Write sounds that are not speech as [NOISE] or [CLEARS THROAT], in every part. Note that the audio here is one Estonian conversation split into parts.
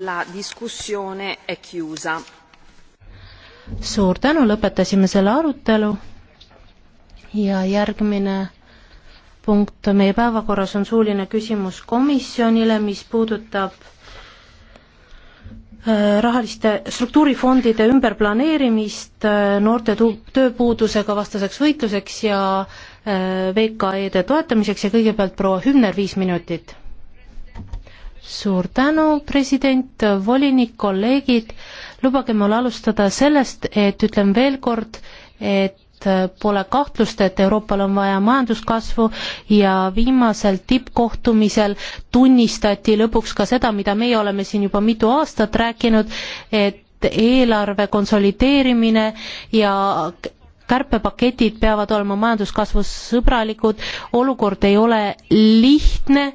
La discussione è chiusa. suur tänu, lõpetasime selle arutelu ja järgmine punkt meie päevakorras on suuline küsimus komisjonile, mis puudutab äh, rahaliste struktuurifondide ümberplaneerimist äh, noorte tööpuudusega vastaseks võitluseks ja äh, VKE-de toetamiseks ja kõigepealt proua Hübner, viis minutit suur tänu, president, volinik, kolleegid, lubage mul alustada sellest, et ütlen veel kord, et pole kahtlust, et Euroopal on vaja majanduskasvu ja viimasel tippkohtumisel tunnistati lõpuks ka seda, mida meie oleme siin juba mitu aastat rääkinud, et eelarve konsolideerimine ja kärpepaketid peavad olema majanduskasvus sõbralikud, olukord ei ole lihtne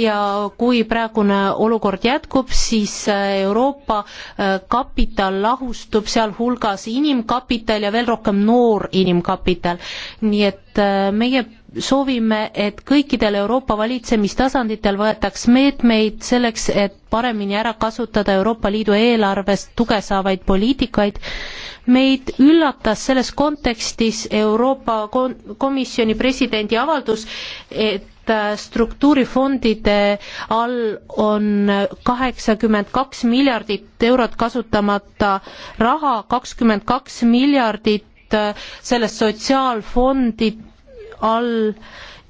ja kui praegune olukord jätkub, siis äh, Euroopa äh, kapital lahustub, sealhulgas inimkapital ja veel rohkem noor inimkapital. nii et äh, meie soovime, et kõikidel Euroopa valitsemistasanditel võetaks meetmeid selleks, et paremini ära kasutada Euroopa Liidu eelarvest tuge saavaid poliitikaid. meid üllatas selles kontekstis Euroopa Komisjoni presidendi avaldus, et äh, struktuurifondide all on kaheksakümmend kaks miljardit eurot kasutamata raha, kakskümmend kaks miljardit äh, sellest sotsiaalfondid all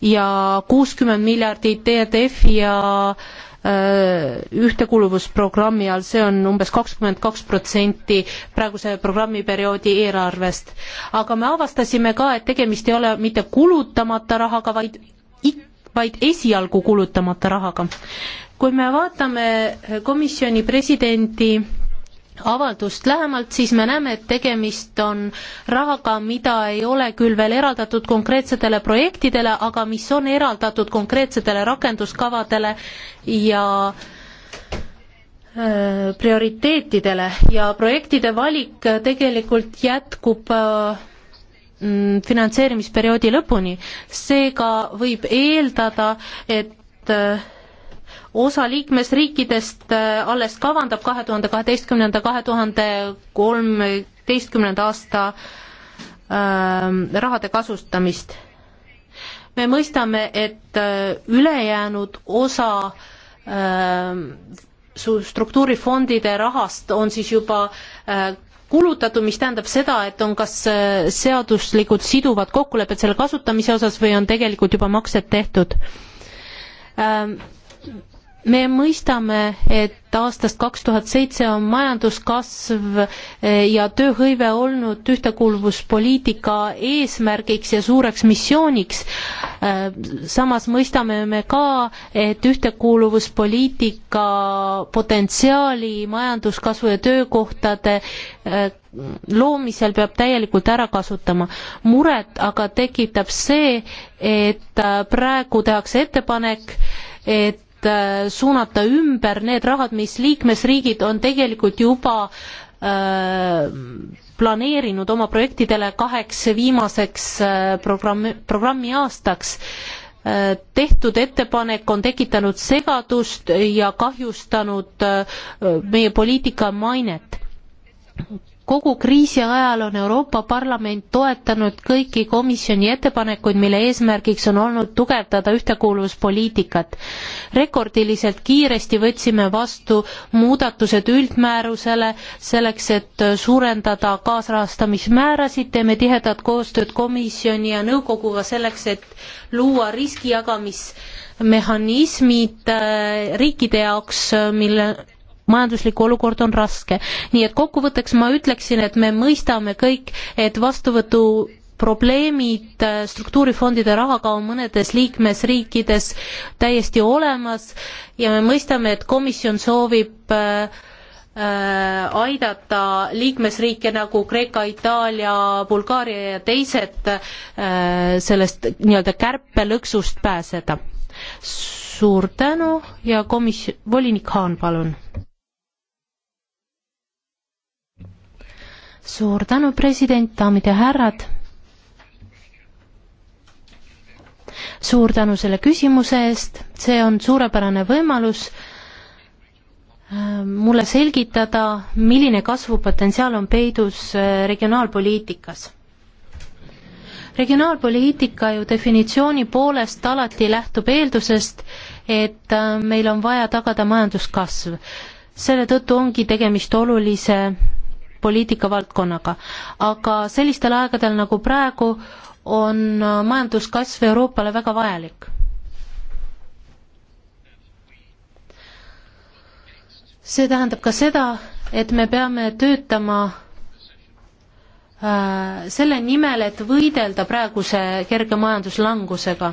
ja kuuskümmend miljardit ERDF-i ja äh, ühtekuuluvusprogrammi all, see on umbes kakskümmend kaks protsenti praeguse programmiperioodi eelarvest. aga me avastasime ka, et tegemist ei ole mitte kulutamata rahaga, vaid vaid esialgu kulutamata rahaga. kui me vaatame komisjoni presidendi avaldust lähemalt, siis me näeme, et tegemist on rahaga, mida ei ole küll veel eraldatud konkreetsetele projektidele, aga mis on eraldatud konkreetsetele rakenduskavadele ja äh, prioriteetidele ja projektide valik tegelikult jätkub äh, mm, finantseerimisperioodi lõpuni. seega võib eeldada, et äh, osa liikmesriikidest äh, alles kavandab kahe tuhande kaheteistkümnenda, kahe tuhande kolmeteistkümnenda aasta ähm, rahade kasutamist. me mõistame, et äh, ülejäänud osa ähm, struktuurifondide rahast on siis juba äh, kulutatud, mis tähendab seda, et on kas seaduslikud siduvad kokkulepped selle kasutamise osas või on tegelikult juba maksed tehtud. Ähm, me mõistame, et aastast kaks tuhat seitse on majanduskasv eh, ja tööhõive olnud ühtekuuluvuspoliitika eesmärgiks ja suureks missiooniks. Eh, samas mõistame me ka, et ühtekuuluvuspoliitika potentsiaali majanduskasvu ja töökohtade eh, loomisel peab täielikult ära kasutama. muret aga tekitab see, et praegu tehakse ettepanek, et Äh, suunata ümber need rahad, mis liikmesriigid on tegelikult juba äh, planeerinud oma projektidele kaheks viimaseks äh, programmi, programmi aastaks. tehtud ettepanek on tekitanud segadust ja kahjustanud meie poliitika mainet kogu kriisi ajal on Euroopa Parlament toetanud kõiki komisjoni ettepanekuid, mille eesmärgiks on olnud tugevdada ühtekuuluvuspoliitikat. rekordiliselt kiiresti võtsime vastu muudatused üldmäärusele selleks, et suurendada kaasrahastamismäärasid, teeme tihedat koostööd komisjoni ja nõukoguga selleks, et luua riskijagamis mehhanismid äh, riikide jaoks, mille majanduslik olukord on raske. nii et kokkuvõtteks ma ütleksin, et me mõistame kõik, et vastuvõtu probleemid äh, struktuurifondide rahaga on mõnedes liikmesriikides täiesti olemas ja me mõistame, et komisjon soovib äh, äh, aidata liikmesriike nagu Kreeka, Itaalia, Bulgaaria ja teised äh, sellest nii-öelda kärpelõksust pääseda. suur tänu ja komis-, volinik Haan, palun suur tänu, president, daamid ja härrad. suur tänu selle küsimuse eest, see on suurepärane võimalus äh, mulle selgitada, milline kasvupotentsiaal on peidus äh, regionaalpoliitikas regionaalpoliitika ju definitsiooni poolest alati lähtub eeldusest, et äh, meil on vaja tagada majanduskasv. selle tõttu ongi tegemist olulise poliitikavaldkonnaga. aga sellistel aegadel nagu praegu on majanduskasv Euroopale väga vajalik. see tähendab ka seda, et me peame töötama äh, selle nimel, et võidelda praeguse kerge majanduslangusega.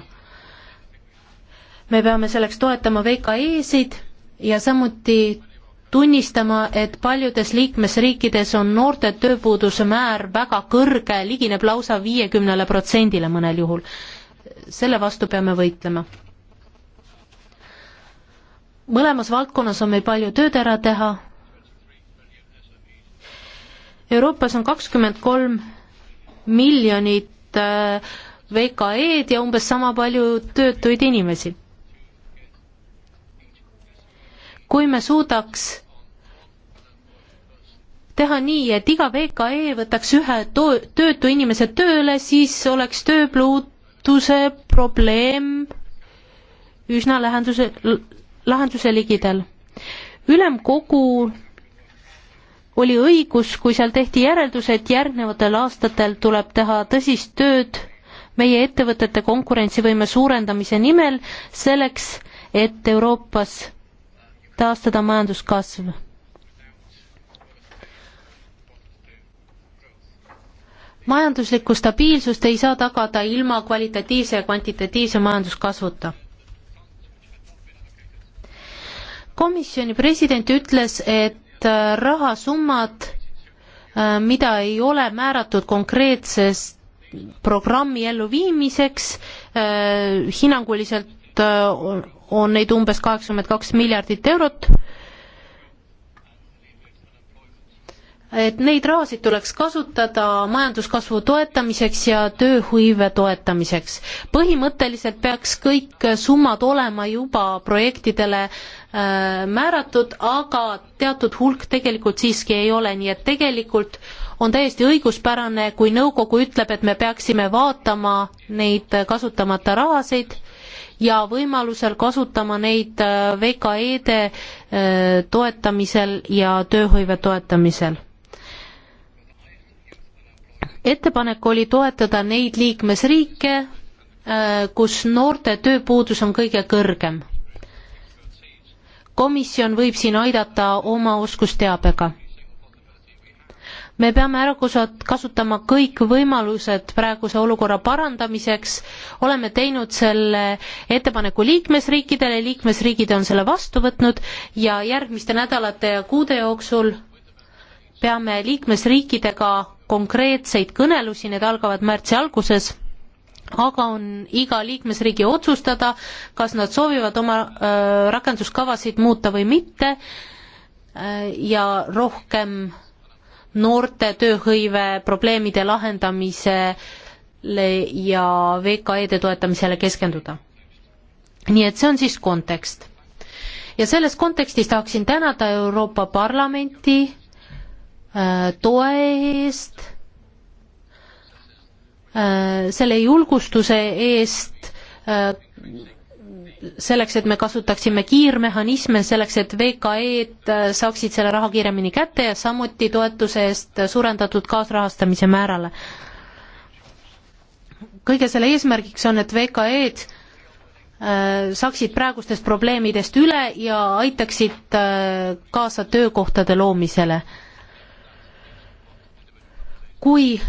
me peame selleks toetama VKE-sid ja samuti tunnistama, et paljudes liikmesriikides on noorte tööpuuduse määr väga kõrge, ligineb lausa viiekümnele protsendile mõnel juhul. selle vastu peame võitlema. mõlemas valdkonnas on meil palju tööd ära teha. Euroopas on kakskümmend kolm miljonit äh, VKE-d ja umbes sama palju töötuid inimesi kui me suudaks teha nii, et iga VKE võtaks ühe to-, töötu inimese tööle, siis oleks tööpluutuse probleem üsna lähenduse, lahenduse ligidal. ülemkogu oli õigus, kui seal tehti järeldus, et järgnevatel aastatel tuleb teha tõsist tööd meie ettevõtete konkurentsivõime suurendamise nimel, selleks et Euroopas taastada majanduskasv. majanduslikku stabiilsust ei saa tagada ilma kvalitatiivse ja kvantitatiivse majanduskasvuta. komisjoni president ütles, et äh, rahasummad, äh, mida ei ole määratud konkreetsest programmi elluviimiseks äh, hinnanguliselt Äh, on neid umbes kaheksakümmend kaks miljardit eurot, et neid rahasid tuleks kasutada majanduskasvu toetamiseks ja tööhõive toetamiseks. põhimõtteliselt peaks kõik summad olema juba projektidele äh, määratud, aga teatud hulk tegelikult siiski ei ole, nii et tegelikult on täiesti õiguspärane, kui nõukogu ütleb, et me peaksime vaatama neid kasutamata rahasid ja võimalusel kasutama neid äh, VKE-de äh, toetamisel ja tööhõive toetamisel. ettepanek oli toetada neid liikmesriike, äh, kus noorte tööpuudus on kõige kõrgem. komisjon võib siin aidata oma oskusteabega me peame ära kasutama kõik võimalused praeguse olukorra parandamiseks, oleme teinud selle ettepaneku liikmesriikidele, liikmesriigid on selle vastu võtnud ja järgmiste nädalate ja kuude jooksul peame liikmesriikidega konkreetseid kõnelusi, need algavad märtsi alguses aga on iga liikmesriigi otsustada, kas nad soovivad oma äh, rakenduskavasid muuta või mitte äh, ja rohkem noorte tööhõive probleemide lahendamisele ja VKE-de toetamisele keskenduda. nii et see on siis kontekst. ja selles kontekstis tahaksin tänada Euroopa Parlamenti äh, toe eest äh,, selle julgustuse eest äh,, selleks, et me kasutaksime kiirmehhanisme, selleks et VKE-d äh, saaksid selle raha kiiremini kätte ja samuti toetuse eest suurendatud kaasrahastamise määrale. kõige selle eesmärgiks on, et VKE-d äh, saaksid praegustest probleemidest üle ja aitaksid äh, kaasa töökohtade loomisele. kui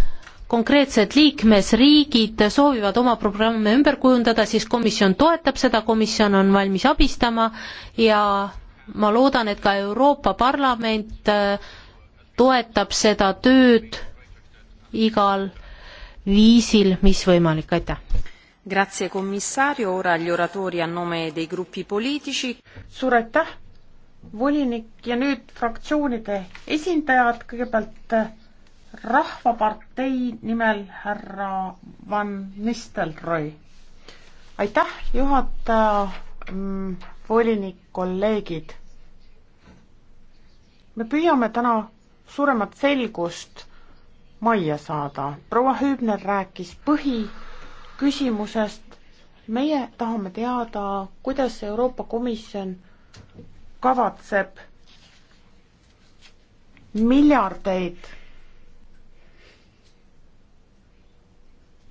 konkreetsed liikmesriigid soovivad oma programme ümber kujundada, siis komisjon toetab seda, komisjon on valmis abistama ja ma loodan, et ka Euroopa Parlament äh, toetab seda tööd igal viisil, mis võimalik, aitäh! Grazie commissario, ora gli oratori a nome dei gruppi politici. suur aitäh, volinik ja nüüd fraktsioonide esindajad, kõigepealt äh, rahvapartei nimel härra Van Nistelrooy. aitäh, juhataja, mm, volinik, kolleegid. me püüame täna suuremat selgust majja saada. proua Hüübner rääkis põhiküsimusest. meie tahame teada, kuidas Euroopa Komisjon kavatseb miljardeid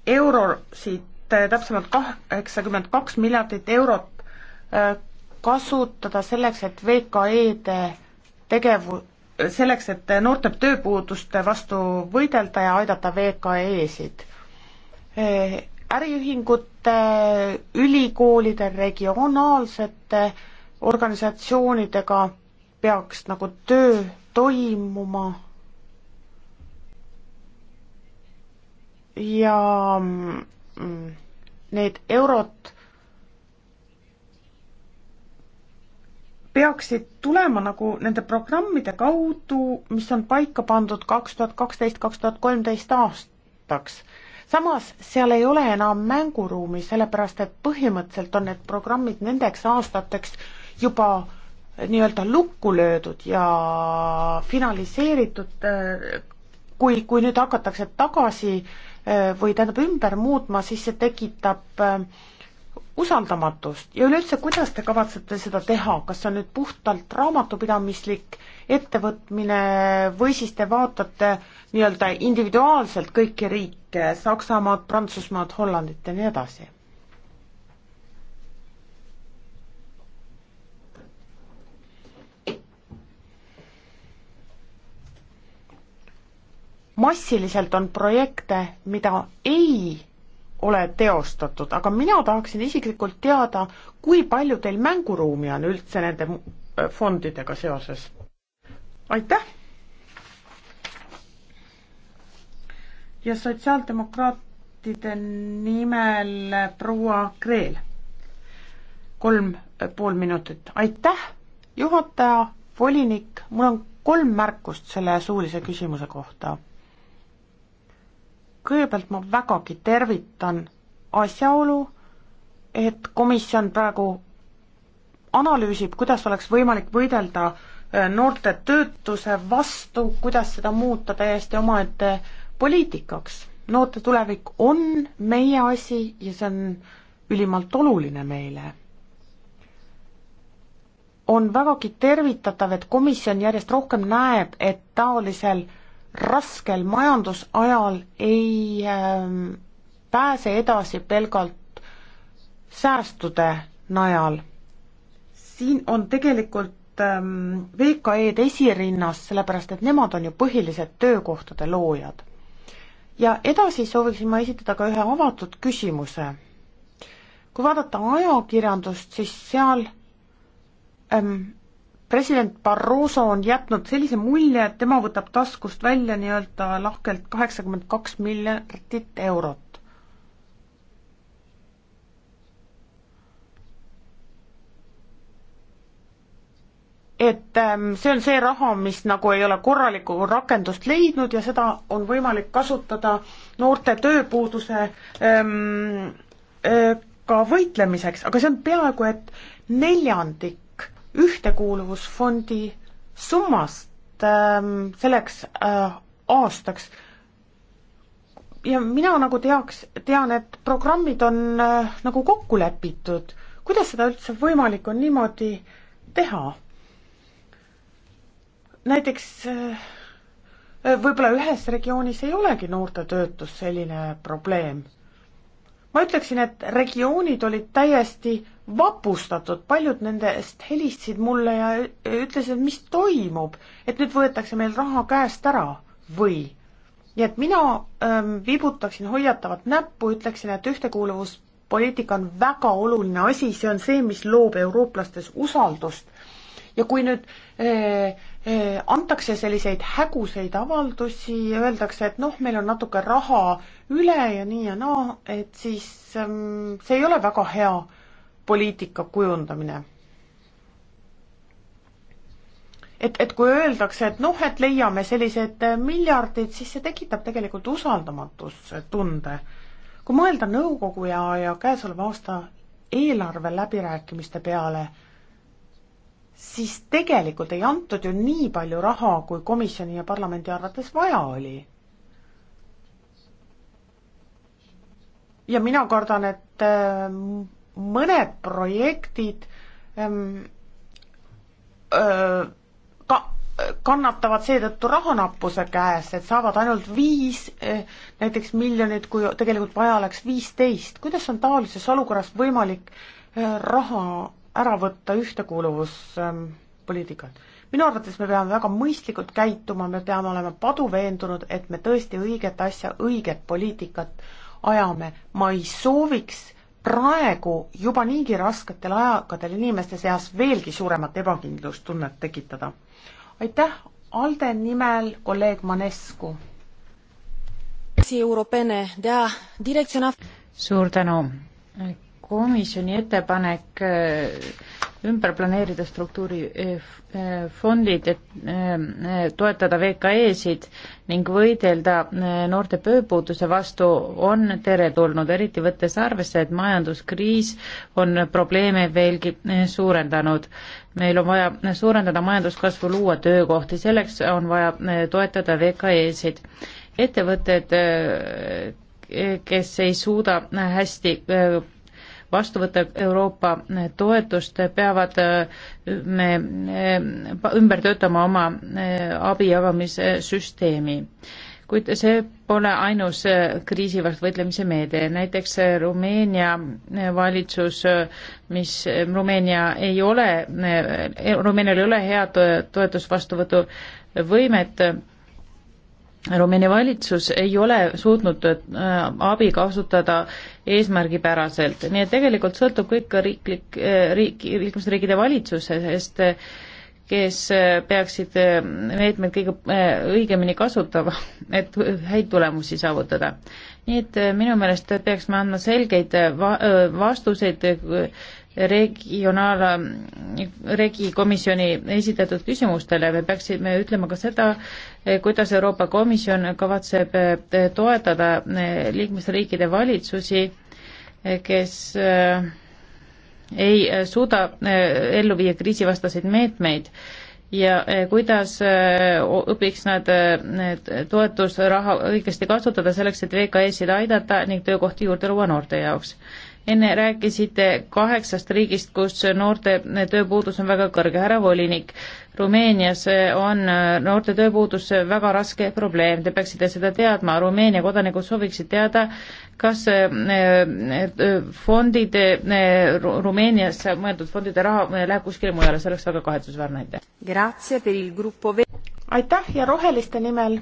eurosid, äh, täpsemalt kaheksakümmend kaks miljardit eurot äh, kasutada selleks, et VKE-de tegevu-, selleks, et noorte tööpuuduste vastu võidelda ja aidata VKE-sid. Äh, äriühingute, ülikoolide, regionaalsete organisatsioonidega peaks nagu töö toimuma ja mm, need eurod peaksid tulema nagu nende programmide kaudu, mis on paika pandud kaks tuhat kaksteist, kaks tuhat kolmteist aastaks. samas seal ei ole enam mänguruumi, sellepärast et põhimõtteliselt on need programmid nendeks aastateks juba nii-öelda lukku löödud ja finaliseeritud, äh, kui, kui nüüd hakatakse tagasi äh, Eh, või tähendab ümber muutma, siis see tekitab eh, usaldamatust ja üleüldse, kuidas te kavatsete seda teha, kas see on nüüd puhtalt raamatupidamislik ettevõtmine või siis te vaatate nii-öelda individuaalselt kõiki riike, Saksamaad, Prantsusmaad, Hollandit ja nii edasi? massiliselt on projekte, mida ei ole teostatud, aga mina tahaksin isiklikult teada, kui palju teil mänguruumi on üldse nende fondidega seoses? aitäh! ja sotsiaaldemokraatide nimel proua Kreel. kolm äh, pool minutit, aitäh, juhataja, volinik, mul on kolm märkust selle suulise küsimuse kohta kõigepealt ma vägagi tervitan asjaolu, et komisjon praegu analüüsib, kuidas oleks võimalik võidelda äh, noorte töötuse vastu, kuidas seda muuta täiesti omaette poliitikaks. noorte tulevik on meie asi ja see on ülimalt oluline meile. on vägagi tervitatav, et komisjon järjest rohkem näeb, et taolisel äh, raskel majandusajal ei ähm, pääse edasi pelgalt säästude najal. siin on tegelikult ähm, VKE-d esirinnas, sellepärast et nemad on ju põhilised töökohtade loojad. ja edasi sooviksin ma esitada ka ühe avatud küsimuse. kui vaadata ajakirjandust, siis seal ähm, president Barroso on jätnud sellise mulje, et tema võtab taskust välja nii-öelda lahkelt kaheksakümmend kaks miljardit eurot. et ähm, see on see raha, mis nagu ei ole korralikku rakendust leidnud ja seda on võimalik kasutada noorte tööpuuduse ähm, äh, ka võitlemiseks, aga see on peaaegu et neljandik ühtekuuluvusfondi summast ähm, selleks äh, aastaks. ja mina nagu teaks, tean, et programmid on äh, nagu kokku lepitud, kuidas seda üldse võimalik on niimoodi teha? näiteks äh, äh võib-olla ühes regioonis ei olegi noorte töötus selline probleem ma ütleksin, et regioonid olid täiesti vapustatud, paljud nendest helistasid mulle ja ütlesid, et mis toimub, et nüüd võetakse meil raha käest ära või. nii et mina ähm, vibutaksin hoiatavat näppu, ütleksin, et ühtekuuluvuspoliitika on väga oluline asi, see on see, mis loob eurooplastes usaldust. ja kui nüüd äh, Äh, antakse selliseid häguseid avaldusi, öeldakse, et noh, meil on natuke raha üle ja nii ja naa no,, et siis ähm, see ei ole väga hea poliitika kujundamine. et, et kui öeldakse, et noh, et leiame sellised äh, miljardid, siis see tekitab tegelikult usaldamatustunde. kui mõelda nõukogu ja, ja käesoleva aasta eelarve läbirääkimiste peale, siis tegelikult ei antud ju nii palju raha, kui komisjoni ja parlamendi arvates vaja oli. ja mina kardan, et äh, mõned projektid ähm, öö, äh, ka äh, kannatavad seetõttu rahanappuse käes, et saavad ainult viis näiteks miljonit, kui tegelikult vaja oleks viisteist, kuidas on taolises olukorras võimalik raha ära võtta ühtekuuluvuspoliitikat. minu arvates me peame väga mõistlikult käituma, me peame olema paduveendunud, et me tõesti õiget asja, õiget poliitikat ajame, ma ei sooviks praegu juba niigi rasketel ajakadel inimeste seas veelgi suuremat ebakindlustunnet tekitada. aitäh, ALDE nimel kolleeg Manescu. suur tänu komisjoni ettepanek äh, ümber planeerida struktuurifondid, äh, äh, et toetada VKE-sid ning võidelda noorte tööpuuduse vastu, on teretulnud, eriti võttes arvesse, et majanduskriis on probleeme veelgi suurendanud. meil on vaja suurendada majanduskasvu, luua töökohti, selleks on vaja toetada VKE-sid. ettevõtted, kes ei suuda hästi vastu võtta Euroopa toetust, peavad äh, me äh, ümber töötama oma äh, abi jagamise süsteemi kuid see pole ainus kriisi vastu võitlemise meede, näiteks Rumeenia valitsus, mis Rumeenia ei ole, Rumeenial ei ole head toetusvastuvõtu võimet Rumeenia valitsus ei ole suutnud äh, abi kasutada eesmärgipäraselt, nii et tegelikult sõltub kõik ka riiklik, äh, riik, liikmesriikide valitsusest, kes äh, peaksid meetmeid kõige õigemini kasutama, [LAUGHS] et häid tulemusi saavutada. nii et minu meelest peaks me andma selgeid va-, vastuseid regionaal, regikomisjoni esitatud küsimustele, me peaksime ütlema ka seda, kuidas Euroopa Komisjon kavatseb eh, toetada eh, liikmesriikide valitsusi, eh, kes ei suuda ellu viia kriisivastaseid meetmeid ja kuidas õpiks nad toetusraha õigesti kasutada selleks, et VKE-sid aidata ning töökohti juurde luua noorte jaoks enne rääkisite kaheksast riigist, kus noorte tööpuudus on väga kõrge, härra volinik. Rumeenias on noorte tööpuudus väga raske probleem, te peaksite seda teadma, Rumeenia kodanikud sooviksid teada, kas äh, fondid, äh, Rumeenias mõeldud fondide raha äh, läheb kuskile mujale, see oleks väga kahetsusväärne, aitäh. aitäh ja Roheliste nimel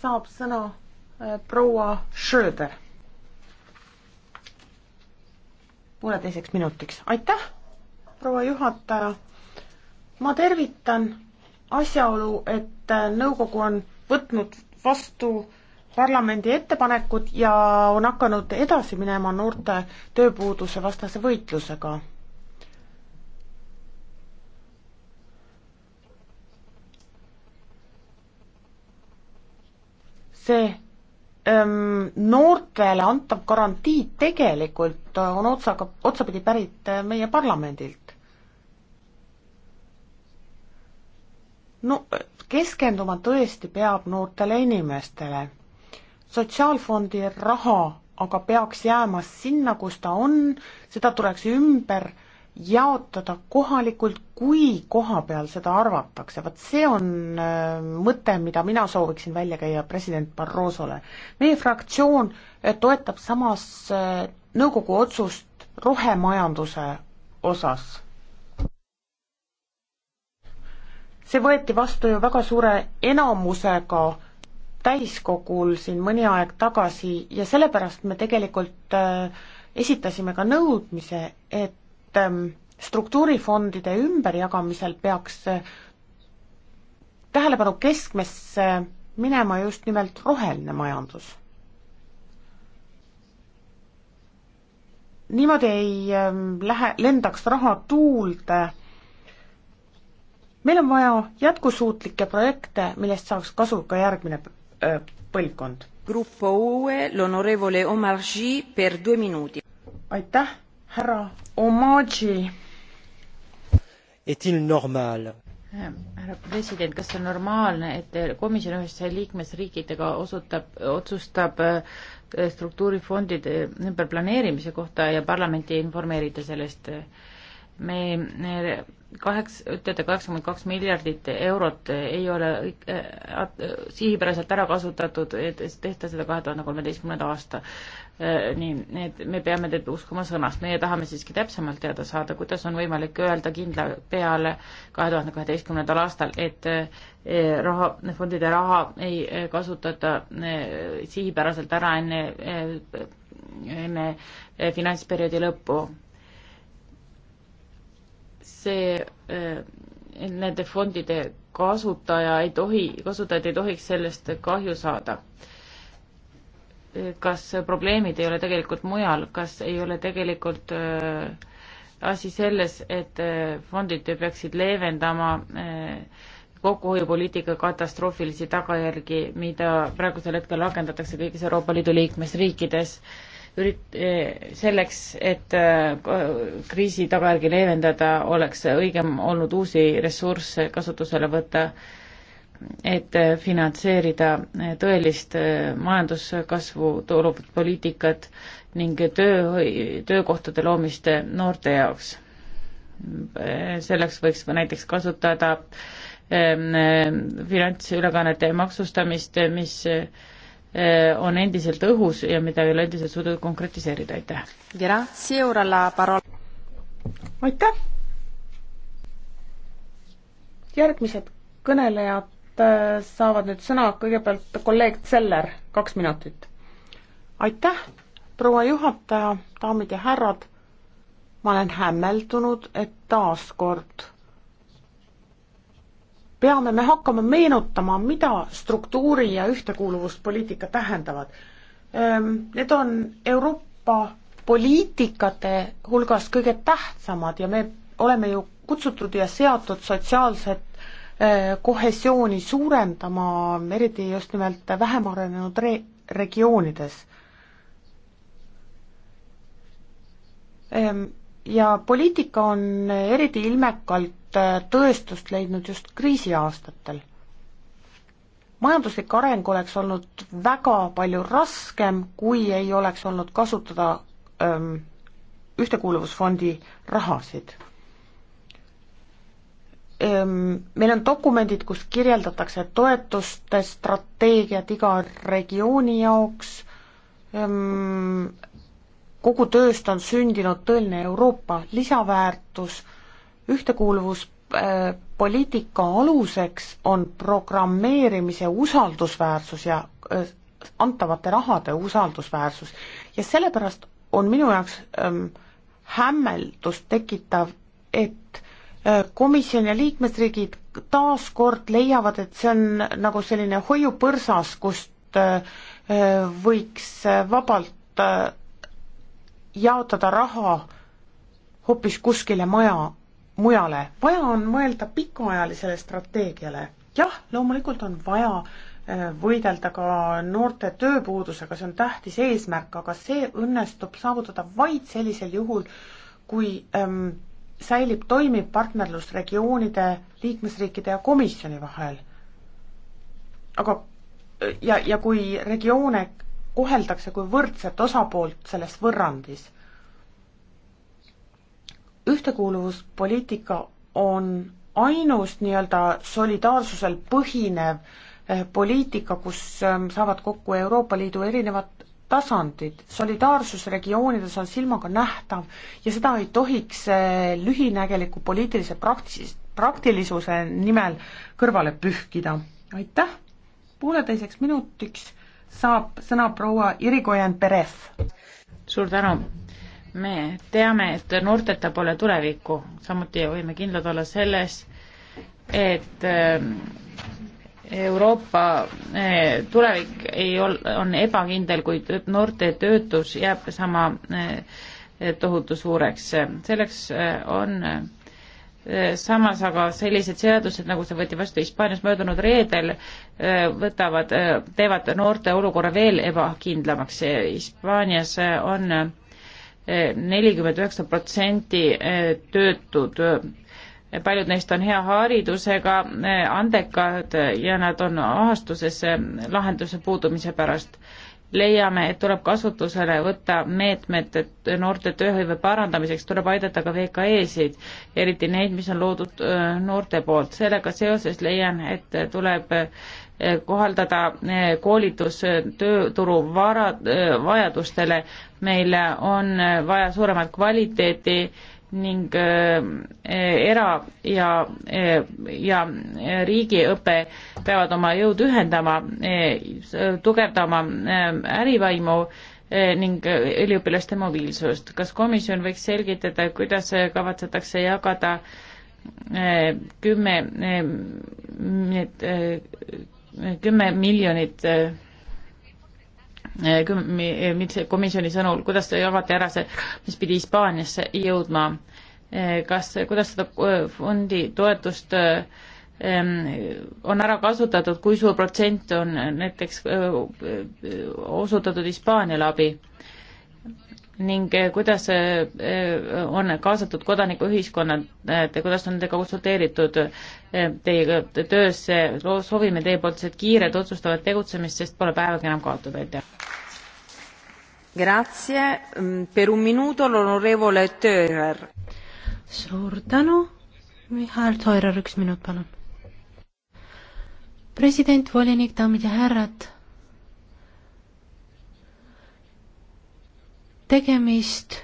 saab sõna proua Schröder pooleteiseks minutiks. aitäh, proua juhataja. ma tervitan asjaolu, et nõukogu on võtnud vastu parlamendi ettepanekud ja on hakanud edasi minema noorte tööpuuduse vastase võitlusega. see noortele antav garantii tegelikult on otsaga, otsapidi pärit äh, meie parlamendilt. no keskenduma tõesti peab noortele inimestele. sotsiaalfondi raha aga peaks jääma sinna, kus ta on, seda tuleks ümber äh, jaotada kohalikult, kui koha peal seda arvatakse, vot see on äh, mõte, mida mina sooviksin välja käia president Barrosole. meie fraktsioon äh, toetab samas äh, nõukogu otsust rohemajanduse osas. see võeti vastu ju väga suure enamusega täiskogul siin mõni aeg tagasi ja sellepärast me tegelikult esitasime ka nõudmise, et et ähm, struktuurifondide ümberjagamisel peaks äh, tähelepanu keskmesse minema just nimelt roheline majandus. niimoodi ei ähm, lähe, lendaks raha tuulde. meil on vaja jätkusuutlikke projekte, millest saaks kasu ka järgmine äh, põlvkond. E, aitäh härra Omaji. härra president, kas see on normaalne, et komisjon ühes liikmesriikidega osutab, otsustab äh, struktuurifondide ümberplaneerimise kohta ja parlamenti ei informeerita sellest äh, me kaheks, ütlete kaheksakümmend kaks miljardit eurot ei ole äh, äh, sihipäraselt ära kasutatud, et tehta seda kahe tuhande kolmeteistkümnenda aasta. Äh, nii, et me peame teid uskuma sõnast, meie tahame siiski täpsemalt teada saada, kuidas on võimalik öelda kindla peale kahe tuhande kaheteistkümnendal aastal, et raha, fondide raha ei kasutata sihipäraselt ära enne, enne finantsperioodi lõppu see, eh, nende fondide kasutaja ei tohi, kasutajad ei tohiks sellest kahju saada. kas probleemid ei ole tegelikult mujal, kas ei ole tegelikult eh, asi selles, et eh, fondid peaksid leevendama kokkuhoiupoliitika katastroofilisi tagajärgi, mida praegusel hetkel rakendatakse kõigis Euroopa Liidu liikmesriikides äh, ürit-, eh, selleks, et eh, kriisi tagajärgi leevendada, oleks õigem olnud uusi ressursse kasutusele võtta, et eh, finantseerida tõelist majanduskasvu toolub poliitikat ning töö, töökohtade loomist noorte jaoks. selleks võiks näiteks kasutada finantsülekannete maksustamist, mis Eh, on endiselt õhus ja mida ei ole endiselt suudetud konkretiseerida, aitäh. aitäh. järgmised kõnelejad eh, saavad nüüd sõna, kõigepealt kolleeg Zeller, kaks minutit. aitäh, proua juhataja, daamid ja härrad, ma olen hämmeldunud, et taas kord peame me hakkama meenutama, mida struktuuri- ja ühtekuuluvuspoliitika tähendavad. Ehm, need on Euroopa poliitikate hulgas kõige tähtsamad ja me oleme ju kutsutud ja seatud sotsiaalset ehm, kohesiooni suurendama, eriti just nimelt vähem arenenud re-, regioonides. Ehm, ja poliitika on eriti ilmekalt Äh, tõestust leidnud just kriisiaastatel. majanduslik areng oleks olnud väga palju raskem, kui ei oleks olnud kasutada öö, ähm, ühtekuuluvusfondi rahasid ähm, meil on dokumendid, kus kirjeldatakse toetuste strateegiat iga regiooni jaoks, ähm, kogu tööst on sündinud tõeline Euroopa lisaväärtus ühtekuuluvuspoliitika aluseks on programmeerimise usaldusväärsus ja antavate rahade usaldusväärsus ja sellepärast on minu jaoks ähm, hämmeldust tekitav, et äh, komisjon ja liikmesriigid taaskord leiavad, et see on nagu selline hoiupõrsas, kust äh, võiks vabalt äh, jaotada raha hoopis kuskile maja mujale. vaja on mõelda pikaajalisele strateegiale. jah, loomulikult on vaja äh, võidelda ka noorte tööpuudusega, see on tähtis eesmärk, aga see õnnestub saavutada vaid sellisel juhul, kui ähm, säilib toimiv partnerlus regioonide, liikmesriikide ja komisjoni vahel. aga äh, ja, ja kui regioone koheldakse kui võrdset osapoolt selles võrrandis ühtekuuluvuspoliitika on ainus nii-öelda solidaarsusel põhinev eh, poliitika, kus ehm, saavad kokku Euroopa Liidu erinevad tasandid, solidaarsus regioonides on silmaga nähtav ja seda ei tohiks eh, lühinägeliku poliitilise praktis-, praktilisuse nimel kõrvale pühkida. aitäh, pooleteiseks minutiks saab sõna proua Irigoyen Perez. suur tänu me teame, et noorteta pole tulevikku, samuti võime kindlad olla selles, et ähm, Euroopa äh, tulevik ei ol-, on ebakindel, kuid noorte töötus jääb sama äh, tohutu suureks. selleks äh, on samas aga sellised seadused, nagu see võeti vastu Hispaanias möödunud reedel, võtavad, teevad noorte olukorra veel ebakindlamaks. Hispaanias on nelikümmend üheksa protsenti äh, töötud. paljud neist on hea haridusega, äh, andekad ja nad on ahastuses äh, lahenduse puudumise pärast. leiame, et tuleb kasutusele võtta meetmed, et noorte tööhõive parandamiseks tuleb aidata ka VKE-sid, eriti neid, mis on loodud noorte poolt. sellega seoses leian, et tuleb kohaldada eh, koolitus tööturu vara, eh, vajadustele. meil on eh, vaja suuremat kvaliteeti ning era- ja, ja riigiõpe peavad oma jõud ühendama, tugevdama ärivaimu ning üliõpilaste mobiilsust. kas komisjon võiks selgitada, kuidas kavatsetakse jagada kümme need kümme miljonit äh, küm-, äh, komisjoni sõnul, kuidas te jagate ära see, mis pidi Hispaaniasse jõudma, äh, kas, kuidas seda fondi toetust ähm, on ära kasutatud, kui suur protsent on näiteks osutatud Hispaaniale abi? ning eh, kuidas eh, eh, on kaasatud kodanikuühiskonnad, kuidas on nendega konsulteeritud teie töösse, soovime teie poolt sellist kiiret otsustavat tegutsemist, sest pole päevagi enam kaotada, aitäh. Grazie, mm, per un minuto l'onorevole Töörer. suur tänu, Mihhail Toirer, üks minut palun. president, volinik, daamid ja härrad tegemist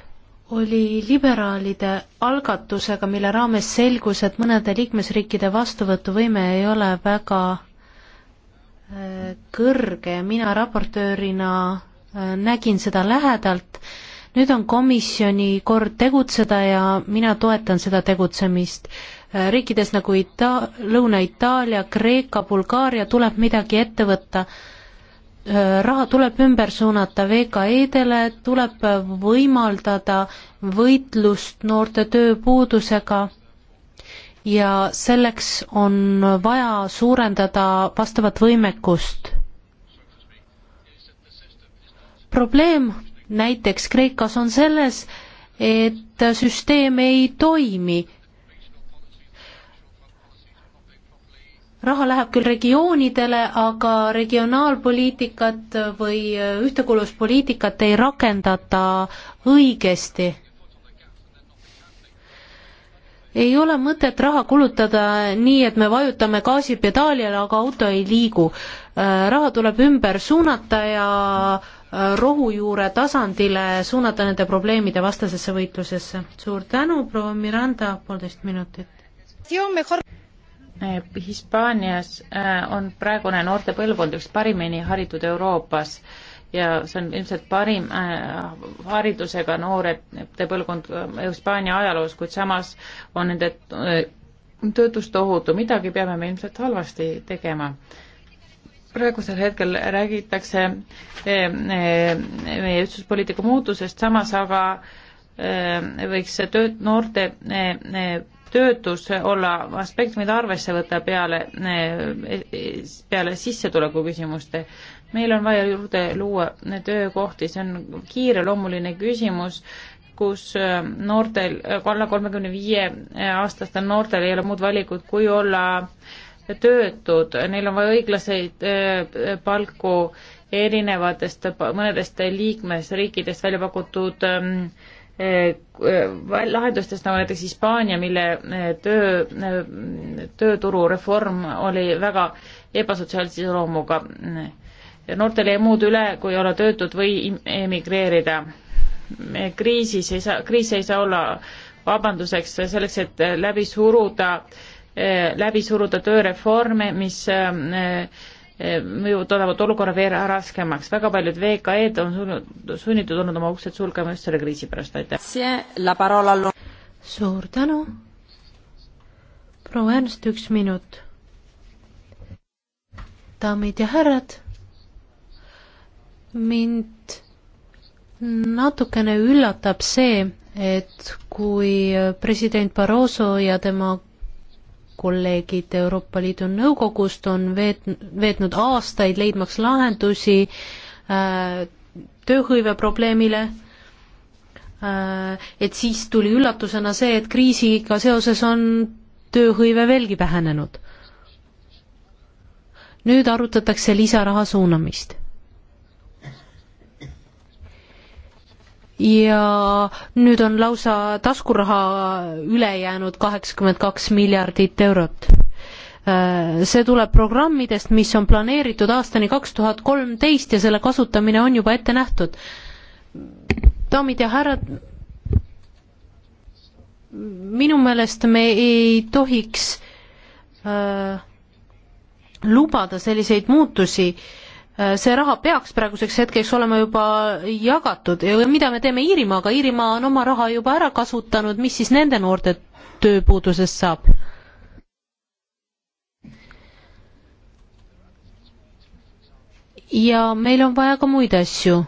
oli liberaalide algatusega, mille raames selgus, et mõnede liikmesriikide vastuvõtuvõime ei ole väga äh, kõrge ja mina raportöörina äh, nägin seda lähedalt. nüüd on komisjoni kord tegutseda ja mina toetan seda tegutsemist. Äh, riikides nagu Ita-, Lõuna-Itaalia, Kreeka, Bulgaaria tuleb midagi ette võtta Äh, raha tuleb ümber suunata VKE-dele, tuleb võimaldada võitlust noorte tööpuudusega ja selleks on vaja suurendada vastavat võimekust. probleem näiteks Kreekas on selles, et süsteem ei toimi raha läheb küll regioonidele, aga regionaalpoliitikat või ühtekuuluvuspoliitikat ei rakendata õigesti. ei ole mõtet raha kulutada nii, et me vajutame gaasipedaali, aga auto ei liigu. Äh, raha tuleb ümber suunata ja äh, rohujuure tasandile suunata nende probleemide vastasesse võitlusesse. suur tänu, proua Miranda, poolteist minutit. Eh, Hispaanias eh, on praegune noorte põlvkond üks parimini haritud Euroopas ja see on ilmselt parim eh, haridusega noorete põlvkond Hispaania ajaloos, kuid samas on nende töötus tohutu, midagi peame me ilmselt halvasti tegema praegusel hetkel räägitakse meie ühtsuspoliitika muutusest, samas aga võiks tööd noorte töötus olla aspekt, mida arvesse võtta peale, peale sissetuleku küsimuste. meil on vaja juurde luua töökohti, see on kiireloomuline küsimus, kus äh, noortel, alla kolmekümne viie aastastel noortel ei ole muud valikut, kui olla töötud, neil on vaja õiglaseid äh, palku erinevatest, mõnedest liikmesriikidest välja pakutud ähm, Eh, eh, lahendustest nagu näiteks Hispaania, mille eh, töö, tööturureform oli väga ebasotsiaalse loomuga. noortel jäi muud üle, kui olla töötud või emigreerida. kriisis ei saa, kriis ei saa olla vabanduseks selleks, et läbi suruda, läbi suruda tööreforme, mis äh, mõjud olevat olukorra veel raskemaks. väga paljud VKE-d on sunnitud, sunnitud olnud oma uksed sulgema just selle kriisi pärast, aitäh. suur tänu. proua Ernst, üks minut. daamid ja härrad, mind natukene üllatab see, et kui president Barroso ja tema kolleegid Euroopa Liidu Nõukogust on veet-, veetnud aastaid leidmaks lahendusi äh, tööhõive probleemile äh,, et siis tuli üllatusena see, et kriisiga seoses on tööhõive veelgi vähenenud. nüüd arutatakse lisaraha suunamist ja nüüd on lausa taskuraha üle jäänud kaheksakümmend kaks miljardit eurot. Äh, see tuleb programmidest, mis on planeeritud aastani kaks tuhat kolmteist ja selle kasutamine on juba ette nähtud. daamid ja härrad, minu meelest me ei tohiks äh, lubada selliseid muutusi äh, Äh, see raha peaks praeguseks hetkeks olema juba jagatud ja mida me teeme Iirimaaga, Iirimaa on oma raha juba ära kasutanud, mis siis nende noorte tööpuudusest saab? ja meil on vaja ka muid asju.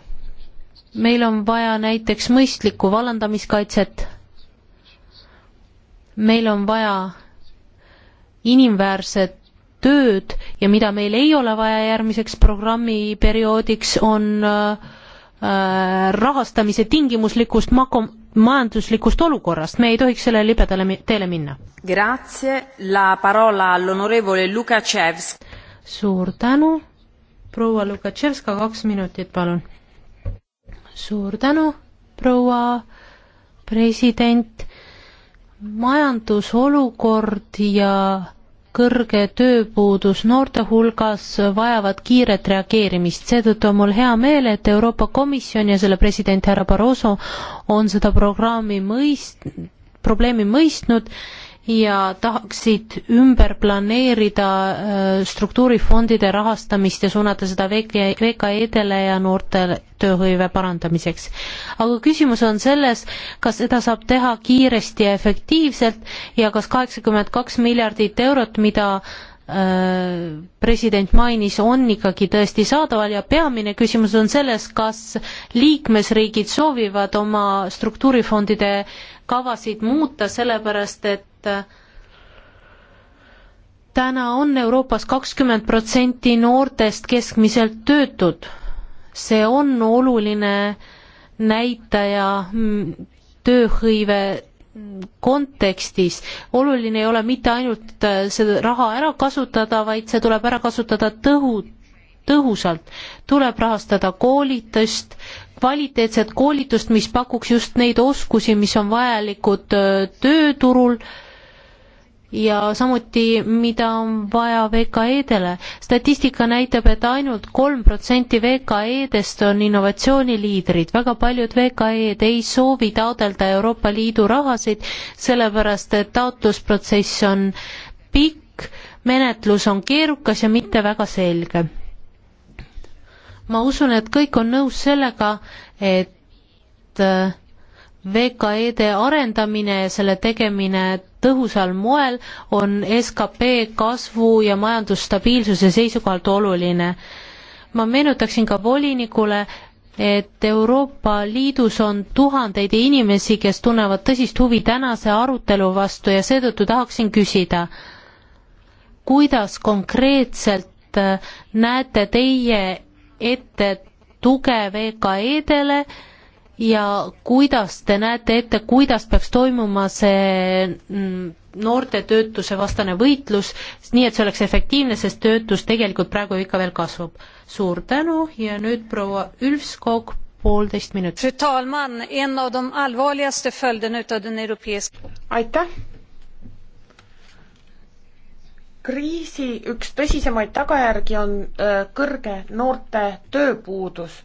meil on vaja näiteks mõistlikku vallandamiskaitset. meil on vaja inimväärset tööd ja mida meil ei ole vaja järgmiseks programmiperioodiks, on äh, äh rahastamise tingimuslikust mako-, majanduslikust olukorrast, me ei tohiks sellele libedale teele minna. suur tänu, proua Lukatševska, kaks minutit, palun. suur tänu, proua president, majandusolukord ja kõrge tööpuudus noorte hulgas vajavad kiiret reageerimist, seetõttu on mul hea meel, et Euroopa Komisjon ja selle president härra Barroso on seda programmi mõist-, probleemi mõistnud ja tahaksid ümber planeerida äh, struktuurifondide rahastamist ja suunata seda VKE-dele e, ja noorte tööhõive parandamiseks. aga küsimus on selles, kas seda saab teha kiiresti ja efektiivselt ja kas kaheksakümmend kaks miljardit eurot, mida äh, president mainis, on ikkagi tõesti saadaval ja peamine küsimus on selles, kas liikmesriigid soovivad oma struktuurifondide kavasid muuta, sellepärast et et täna on Euroopas kakskümmend protsenti noortest keskmiselt töötud. see on oluline näitaja tööhõive kontekstis. oluline ei ole mitte ainult äh, seda raha ära kasutada, vaid see tuleb ära kasutada tõhu, tõhusalt. tuleb rahastada koolitust, kvaliteetset koolitust, mis pakuks just neid oskusi, mis on vajalikud äh, tööturul äh, ja samuti, mida on vaja VKE-dele. statistika näitab, et ainult kolm protsenti VKE-dest on innovatsiooniliidrid, väga paljud VKE-d ei soovi taodelda Euroopa Liidu rahasid, sellepärast et taotlusprotsess on pikk, menetlus on keerukas ja mitte väga selge. ma usun, et kõik on nõus sellega, et VKE-de arendamine ja selle tegemine tõhusal moel on skp kasvu ja majandusstabiilsuse seisukohalt oluline. ma meenutaksin ka volinikule, et Euroopa Liidus on tuhandeid inimesi, kes tunnevad tõsist huvi tänase arutelu vastu ja seetõttu tahaksin küsida, kuidas konkreetselt äh, näete teie ette tuge VKE-dele ka ja kuidas te näete ette, kuidas peaks toimuma see mm, noorte töötuse vastane võitlus, nii et see oleks efektiivne, sest töötus tegelikult praegu ikka veel kasvab. suur tänu ja nüüd proua Ülfskog, poolteist minutit. Fru talman, en av de allvarligaste följderna utav den europeiska aitäh! kriisi üks tõsisemaid tagajärgi on öö, äh, kõrge noorte tööpuudus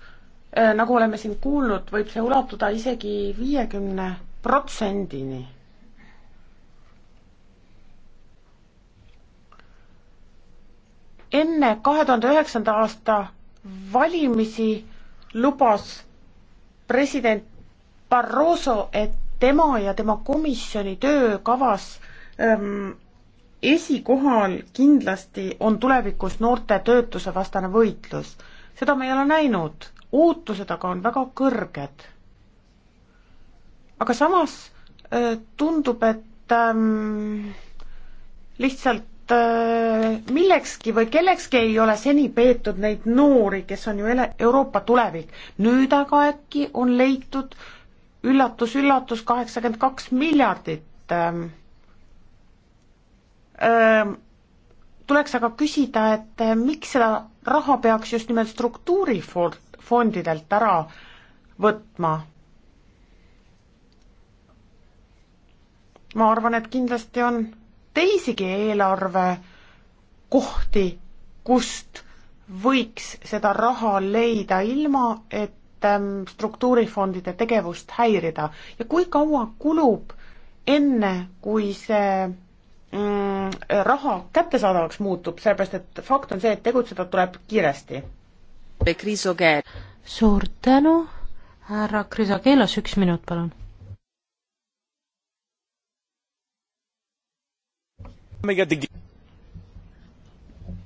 Äh, nagu oleme siin kuulnud, võib see ulatuda isegi viiekümne protsendini. enne kahe tuhande üheksanda aasta valimisi lubas president Barroso, et tema ja tema komisjoni töökavas ähm, esikohal kindlasti on tulevikus noorte töötuse vastane võitlus. seda me ei ole näinud ootused aga on väga kõrged. aga samas tundub, et ähm, lihtsalt äh, millekski või kellekski ei ole seni peetud neid noori, kes on ju ele-, Euroopa tulevik. nüüd aga äkki on leitud üllatus-üllatus kaheksakümmend kaks miljardit ähm,. Ähm, tuleks aga küsida, et miks seda raha peaks just nimelt struktuurifond fondidelt ära võtma. ma arvan, et kindlasti on teisigi eelarvekohti, kust võiks seda raha leida ilma, et ähm, struktuurifondide tegevust häirida ja kui kaua kulub enne, kui see mm, raha kättesaadavaks muutub, sellepärast et fakt on see, et tegutseda tuleb kiiresti suur tänu, härra Krisokeelos, üks minut, palun.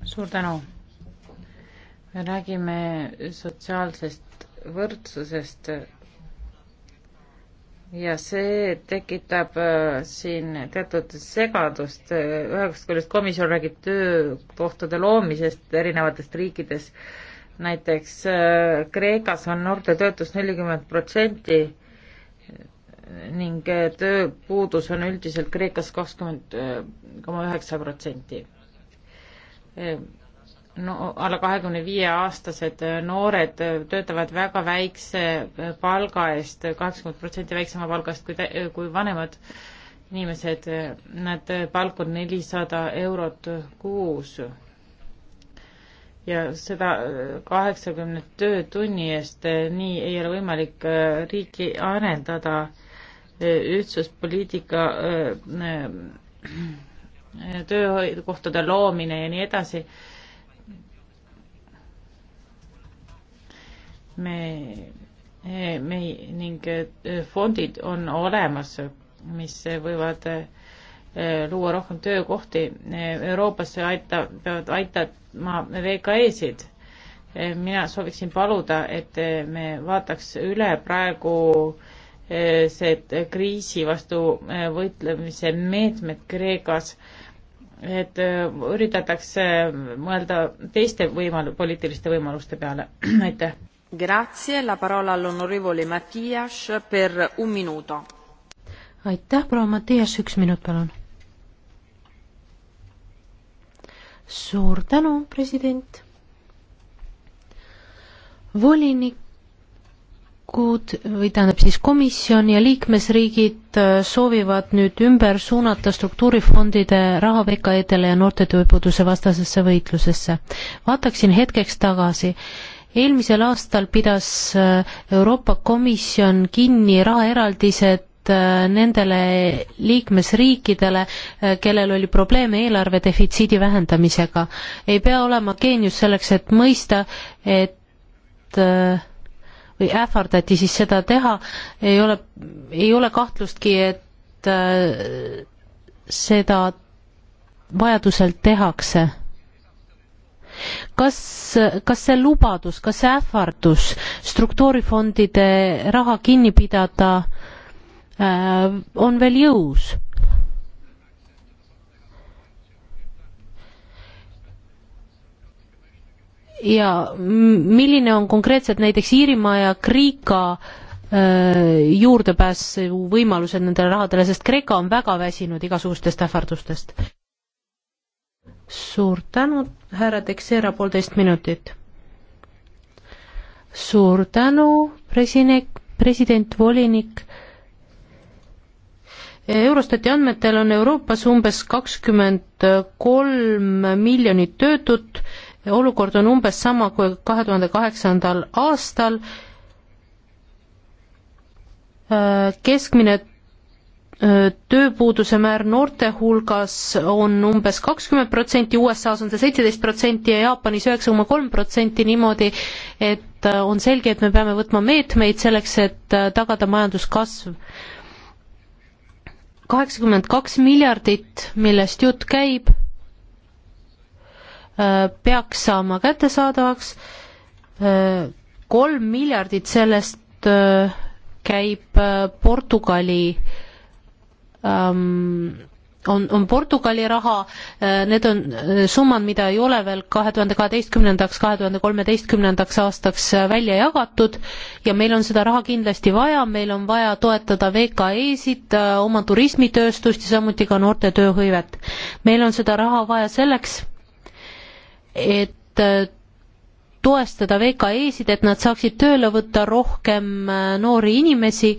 suur tänu. me räägime sotsiaalsest võrdsusest ja see tekitab äh, siin teatud segadust, ühest küljest komisjon räägib töökohtade loomisest erinevates riikides äh, näiteks äh, Kreekas on noorte töötus nelikümmend protsenti ning äh, tööpuudus on üldiselt Kreekas kakskümmend äh, koma üheksa protsenti. no alla kahekümne viie aastased noored töötavad väga väikse palga eest, kaheksakümmend protsenti väiksema palgast kui, kui vanemad inimesed, nad palk on nelisada eurot kuus ja seda äh, kaheksakümne töötunni eest, äh, nii ei ole võimalik äh, riiki arendada. ühtsuspoliitika, töökohtade loomine ja nii edasi. me, me ning fondid on olemas, mis võivad äh, luua rohkem töökohti. Euroopasse aita, peavad aitama VKE-sid. mina sooviksin paluda, et me vaataks üle praegu eh, see kriisi vastu eh, võitlemise meetmed Kreekas, et eh, üritatakse mõelda teiste võimal-, poliitiliste võimaluste peale. [CLEARS THROAT] aitäh! Grazie, la parola all'onorevole Mattias per un minuto aitäh, proua Mattias, üks minut, palun. suur tänu, president. volinikud või tähendab siis komisjon ja liikmesriigid äh, soovivad nüüd ümber suunata struktuurifondide raha VKE-dele ja noorte tööpuuduse vastasesse võitlusesse. vaataksin hetkeks tagasi eelmisel aastal pidas äh, Euroopa Komisjon kinni rahaeraldised Äh, nendele liikmesriikidele, äh, kellel oli probleeme eelarve defitsiidi vähendamisega. ei pea olema geenius selleks, et mõista, et äh, või ähvardati siis seda teha, ei ole, ei ole kahtlustki, et seda vajadusel tehakse. kas, kas see lubadus, kas see ähvardus struktuurifondide raha kinni pidada äh, Äh, on veel jõus. ja milline on konkreetselt näiteks Iirimaa ja Kreeka äh, juurdepääs võimalused nendele rahadele, sest Kreeka on väga väsinud igasugustest ähvardustest. suur tänu, härra Texera, poolteist minutit. suur tänu, presinek, president, volinik. Eurostati andmetel on Euroopas umbes kakskümmend kolm miljonit töötut, olukord on umbes sama kui kahe tuhande kaheksandal aastal, keskmine äh, tööpuuduse määr noorte hulgas on umbes kakskümmend protsenti, USA-s on see seitseteist protsenti ja Jaapanis üheksa koma kolm protsenti, niimoodi et äh, on selge, et me peame võtma meetmeid selleks, et äh, tagada majanduskasv kaheksakümmend kaks miljardit, millest jutt käib, äh, peaks saama kättesaadavaks, äh, kolm miljardit sellest äh, käib Portugali ähm, on, on Portugali raha, äh, need on äh, summad, mida ei ole veel kahe tuhande kaheteistkümnendaks, kahe tuhande kolmeteistkümnendaks aastaks äh, välja jagatud ja meil on seda raha kindlasti vaja, meil on vaja toetada VKE-sid, oma turismitööstust ja samuti ka noorte tööhõivet. meil on seda raha vaja selleks, et toestada VKE-sid, et nad saaksid tööle võtta rohkem noori inimesi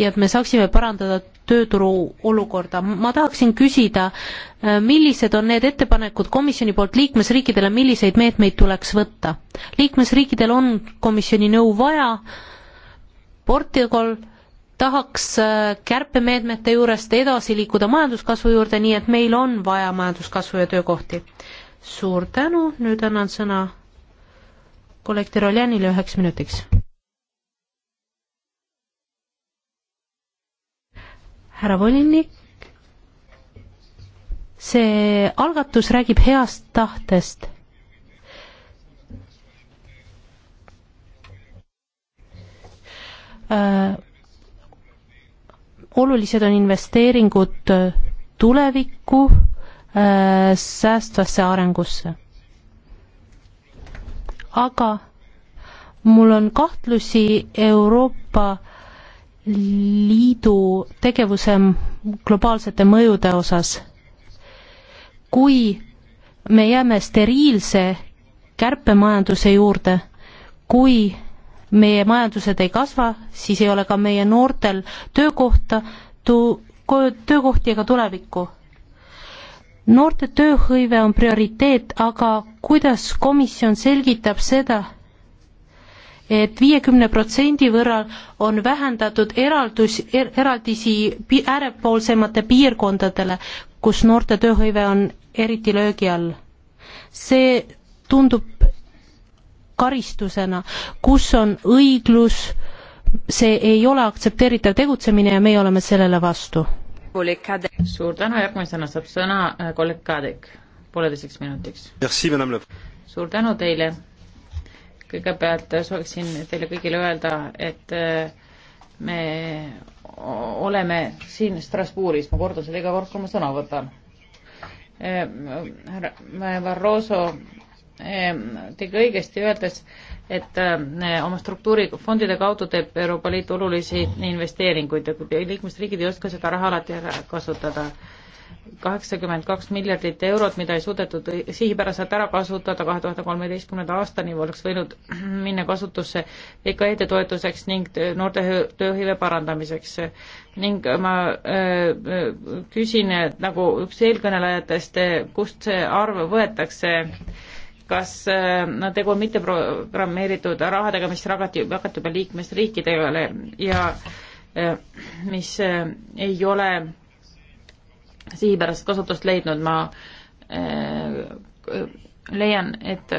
ja et me saaksime parandada tööturu olukorda. ma tahaksin küsida, äh, millised on need ettepanekud komisjoni poolt liikmesriikidele, milliseid meetmeid tuleks võtta? liikmesriikidel on komisjoni nõu vaja, Portugal tahaks äh, kärpemeetmete juurest edasi liikuda majanduskasvu juurde, nii et meil on vaja majanduskasvu ja töökohti. suur tänu, nüüd annan sõna kolleeg Tiroljanile üheks minutiks härra volinik, see algatus räägib heast tahtest. Äh, olulised on investeeringud tulevikku, äh, säästvasse arengusse. aga mul on kahtlusi Euroopa Liidu tegevuse globaalsete mõjude osas. kui me jääme steriilse kärpemajanduse juurde, kui meie majandused ei kasva, siis ei ole ka meie noortel töökohta, töökohti ega tulevikku. noorte tööhõive on prioriteet, aga kuidas komisjon selgitab seda, et viiekümne protsendi võrra on vähendatud eraldus er,, eraldisi pi, äärepoolsemate piirkondadele, kus noorte tööhõive on eriti löögi all. see tundub karistusena, kus on õiglus, see ei ole aktsepteeritav tegutsemine ja meie oleme sellele vastu. suur tänu, järgmisena saab sõna äh, kolleeg Kadek pooleteiseks minutiks. suur tänu teile kõigepealt sooviksin teile kõigile öelda, et äh, me oleme siin Strasbourgis, ma kordan seda iga kord, kui ma sõna võtan. Äh, härra Barroso ähm, tegi õigesti öeldes, et äh, oma struktuurifondide kaudu teeb Euroopa Liit olulisi investeeringuid ja liikmesriigid ei oska seda raha alati ära kasutada kaheksakümmend kaks miljardit eurot, mida ei suudetud sihipäraselt ära kasutada kahe tuhande kolmeteistkümnenda aastani, oleks võinud [CLEARS THROAT] minna kasutusse VKE-de toetuseks ning noorte tööhõive parandamiseks. ning ma äh, äh, küsin, et nagu üks eelkõnelejatest, äh, kust see arv võetakse, kas äh, no tegu on mitteprogrammeeritud rahadega, mis jagati, jagati juba liikmesriikidele ja äh, mis äh, ei ole sihipärast kasutust leidnud, ma äh, leian, et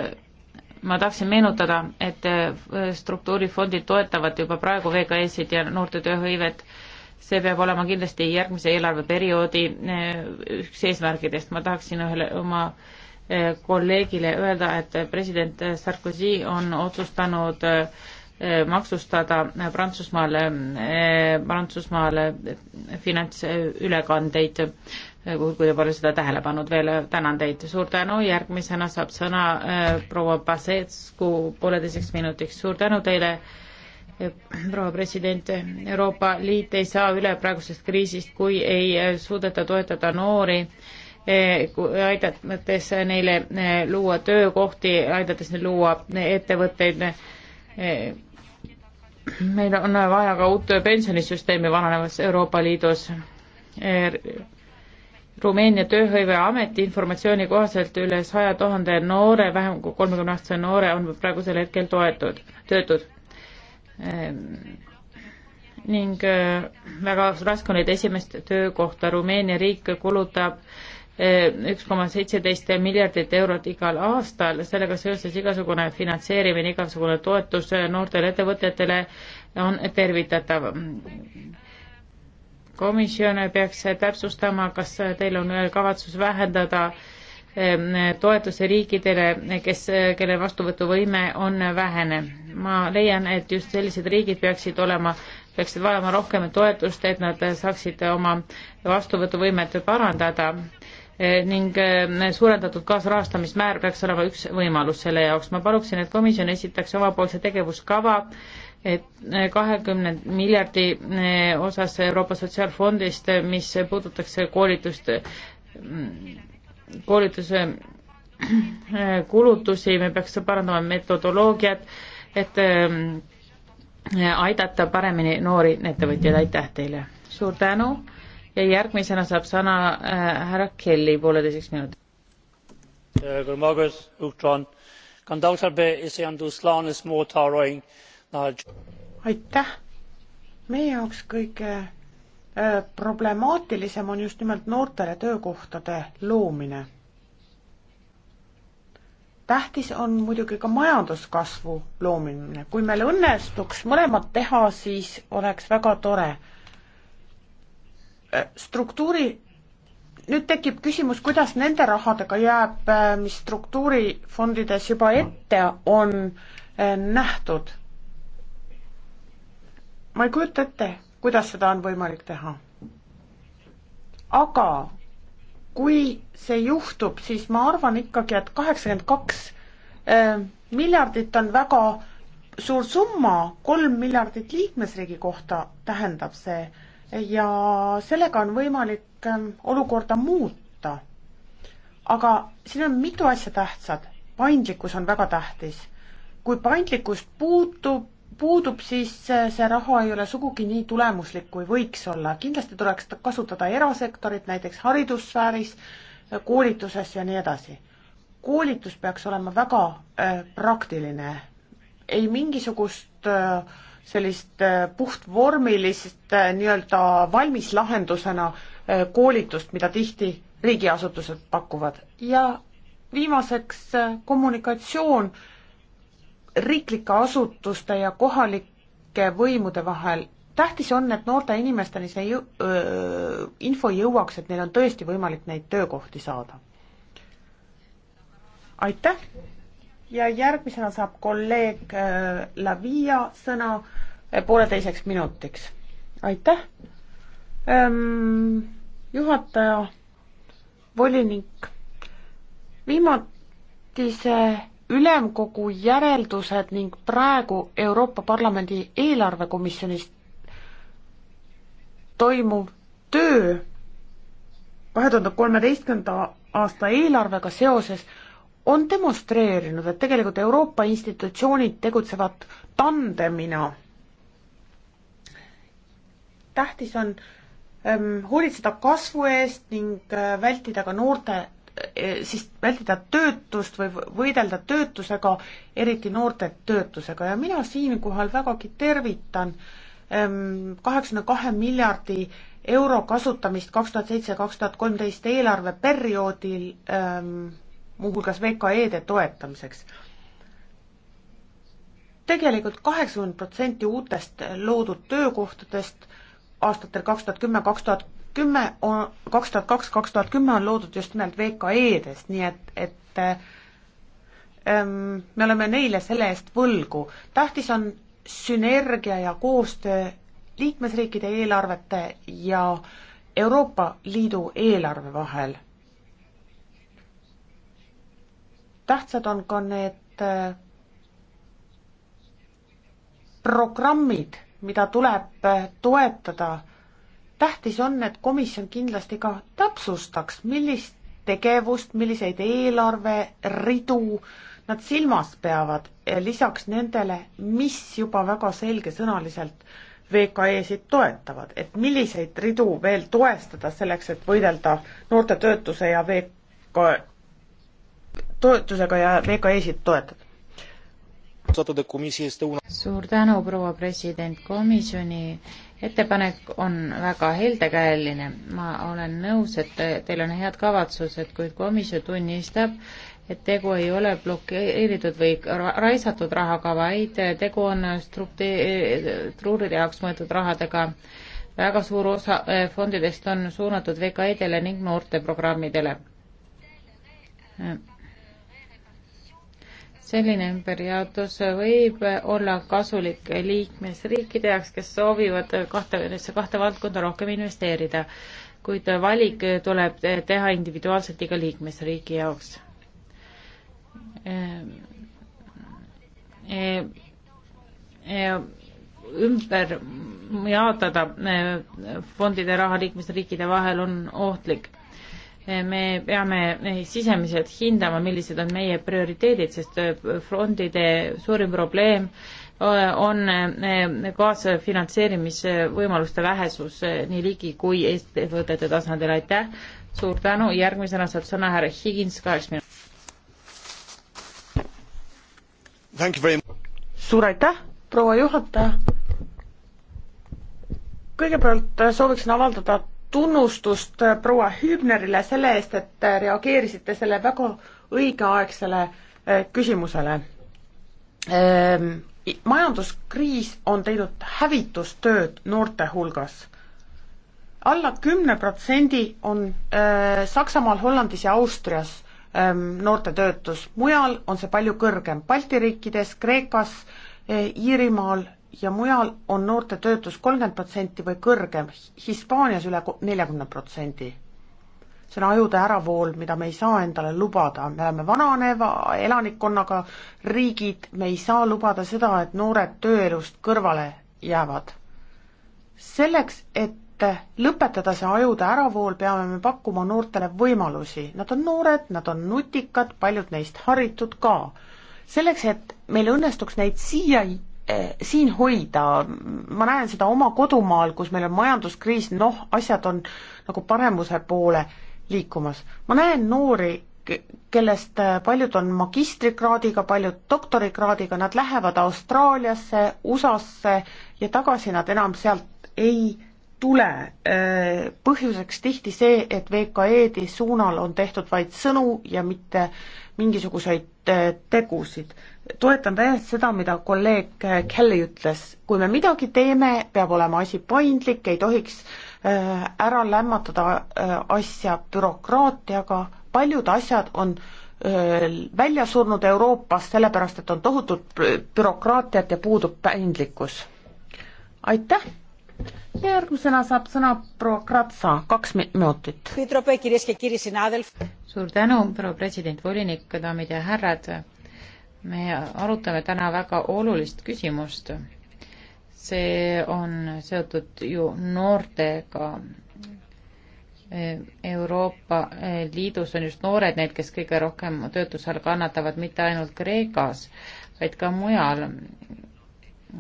ma tahtsin meenutada, et äh, struktuurifondid toetavad juba praegu VKS-id ja noorte tööhõivet. see peab olema kindlasti järgmise eelarveperioodi äh, üks eesmärgidest. ma tahaksin ühele oma kolleegile öelda, et president Sarkozy on otsustanud äh, Eh, maksustada Prantsusmaale, eh, Prantsusmaale finantsülekandeid, eh, kui te pole seda tähele pannud veel, tänan teid, suur tänu, järgmisena saab sõna proua Pasescu pooleteiseks minutiks, suur tänu teile, proua president, Euroopa Liit ei saa üle praegusest kriisist, kui ei suudeta toetada noori, aidates neile luua töökohti, aidates neil luua ettevõtteid, Eh, meil on vaja ka uut pensionisüsteemi vananevas Euroopa Liidus. Er, Rumeenia Tööhõiveameti informatsiooni kohaselt üle saja tuhande noore, vähem kui kolmekümne aastase noore on praegusel hetkel toetud, töötud. Ehm, ning eh, väga raske on leida esimest töökohta, Rumeenia riik kulutab üks koma seitseteist miljardit eurot igal aastal, sellega seoses igasugune finantseerimine, igasugune toetus noortele ettevõtetele on tervitatav. komisjon peaks täpsustama, kas teil on kavatsus vähendada ehm, toetuse riikidele, kes, kelle vastuvõtuvõime on vähene. ma leian, et just sellised riigid peaksid olema peaksid vajama rohkem toetust, et nad saaksid oma vastuvõtuvõimet parandada Eh, ning eh, suurendatud kaasrahastamismäär peaks olema üks võimalus selle jaoks. ma paluksin, et komisjon esitaks omapoolse tegevuskava, et eh, kahekümne miljardi osas Euroopa Sotsiaalfondist, mis puudutaks koolitust, mm, koolituse kulutusi, me peaks parandama metodoloogiat, et aidata paremini noori ettevõtjaid, aitäh teile! suur tänu! ja järgmisena saab sõna äh, härra Kelly pooleteiseks minutiks. Äh, aitäh! meie jaoks kõige äh, problemaatilisem on just nimelt noortele töökohtade loomine. tähtis on muidugi ka majanduskasvu loomine, kui meil õnnestuks mõlemat teha, siis oleks väga tore. Äh, struktuuri, nüüd tekib küsimus, kuidas nende rahadega jääb, äh, mis struktuurifondides juba ette on äh, nähtud. ma ei kujuta ette, kuidas seda on võimalik teha. aga kui see juhtub, siis ma arvan ikkagi, et kaheksakümmend kaks miljardit on väga suur summa, kolm miljardit liikmesriigi kohta tähendab see ja sellega on võimalik ähm, olukorda muuta. aga siin on mitu asja tähtsad, paindlikkus on väga tähtis. kui paindlikkust puutub, puudub, siis äh, see raha ei ole sugugi nii tulemuslik, kui võiks olla, kindlasti tuleks kasutada erasektorit näiteks haridussfääris, äh, koolituses ja nii edasi. koolitus peaks olema väga äh, praktiline, ei mingisugust äh, sellist äh, puhtvormilist äh, nii-öelda valmislahendusena äh, koolitust, mida tihti riigiasutused pakuvad ja viimaseks kommunikatsioon riiklike asutuste ja kohalike võimude vahel. tähtis on, et noorte inimesteni see jõ öö, info jõuaks, et neil on tõesti võimalik neid töökohti saada. aitäh! ja järgmisena saab kolleeg äh, Lavia sõna äh, pooleteiseks minutiks. aitäh, ähm, juhataja, volinik, viimatise ülemkogu järeldused ning praegu Euroopa Parlamendi eelarvekomisjonis toimuv töö kahe tuhande kolmeteistkümnenda aasta eelarvega seoses on demonstreerinud, et tegelikult Euroopa institutsioonid tegutsevad tandemina. tähtis on ähm, hoolitseda kasvu eest ning äh, vältida ka noorte äh, siis vältida töötust või võidelda töötusega, eriti noorte töötusega ja mina siinkohal vägagi tervitan ähm, kaheksakümne ähm, kahe miljardi euro kasutamist kaks tuhat seitse, kaks tuhat kolmteist eelarveperioodil ähm, muuhulgas VKE-de toetamiseks. tegelikult kaheksakümmend protsenti uutest loodud töökohtadest aastatel kaks tuhat kümme, kaks tuhat kümme, kaks tuhat kaks, kaks tuhat kümme on loodud just nimelt VKE-dest, nii et, et ähm, me oleme neile selle eest võlgu. tähtis on sünergia ja koostöö liikmesriikide eelarvete ja Euroopa Liidu eelarve vahel tähtsad on ka need äh, programmid, mida tuleb äh, toetada. tähtis on, et komisjon kindlasti ka täpsustaks, millist tegevust, milliseid eelarveridu nad silmas peavad, lisaks nendele, mis juba väga selgesõnaliselt VKE-sid toetavad, et milliseid ridu veel toestada selleks, et võidelda noorte töötuse ja VK e toetusega ja VKE-sid toetada. suur tänu, proua president, komisjoni ettepanek on väga heldekäeline, ma olen nõus, et teil on head kavatsused, kuid komisjon tunnistab, et tegu ei ole blokeeritud või raisatud rahaga, vaid tegu on struktuuride jaoks mõeldud rahadega. väga suur osa eh, fondidest on suunatud VKI-dele ning noorteprogrammidele selline ümberjaotus võib olla kasulik liikmesriikide jaoks, kes soovivad kahte, nendesse kahte valdkonda rohkem investeerida, kuid valik tuleb teha individuaalselt iga liikmesriigi jaoks. Ehm, ehm, ehm, ümber jaotada fondide raha liikmesriikide vahel on ohtlik me peame sisemiselt hindama, millised on meie prioriteedid, sest äh, fondide suurim probleem äh, on äh, kaasfinantseerimisvõimaluste vähesus nii riigi kui ettevõtete tasandil, aitäh. suur tänu, järgmisena saab sõna härra Higins, kaheksa minutit. suur aitäh, proua juhataja. kõigepealt sooviksin avaldada tunnustust äh, proua Hübnerile selle eest, et äh, reageerisite selle väga õigeaegsele äh, küsimusele. Ehm, majanduskriis on teinud hävitustööd noorte hulgas alla kümne protsendi on äh, Saksamaal, Hollandis ja Austrias ähm, noorte töötus, mujal on see palju kõrgem, Balti riikides, Kreekas äh,, Iirimaal ja mujal on noorte töötus kolmkümmend protsenti või kõrgem, Hispaanias üle neljakümne protsendi. see on ajude äravool, mida me ei saa endale lubada, me oleme vananeva elanikkonnaga riigid, me ei saa lubada seda, et noored tööelust kõrvale jäävad. selleks, et lõpetada see ajude äravool, peame me pakkuma noortele võimalusi, nad on noored, nad on nutikad, paljud neist haritud ka. selleks, et meil õnnestuks neid siia Eh, siin hoida, ma näen seda oma kodumaal, kus meil on majanduskriis, noh, asjad on nagu paremuse poole liikumas. ma näen noori, kellest eh, paljud on magistrikraadiga, paljud doktorikraadiga, nad lähevad Austraaliasse, USA-sse ja tagasi nad enam sealt ei tule. Eh, põhjuseks tihti see, et VKE-di suunal on tehtud vaid sõnu ja mitte mingisuguseid tegusid toetan täiesti seda, mida kolleeg äh, Kelly ütles, kui me midagi teeme, peab olema asi paindlik, ei tohiks äh, ära lämmatada äh, asja bürokraatiaga, paljud asjad on välja surnud Euroopas, sellepärast et on tohutut bürokraatiat ja puudub paindlikkus. aitäh! järgmisena saab sõna proua Kratsa, kaks minutit. suur tänu, proua president, volinik, daamid ja härrad me arutame täna väga olulist küsimust. see on seotud ju noortega. Euroopa Liidus on just noored need, kes kõige rohkem töötuse all kannatavad, mitte ainult Kreekas, vaid ka mujal.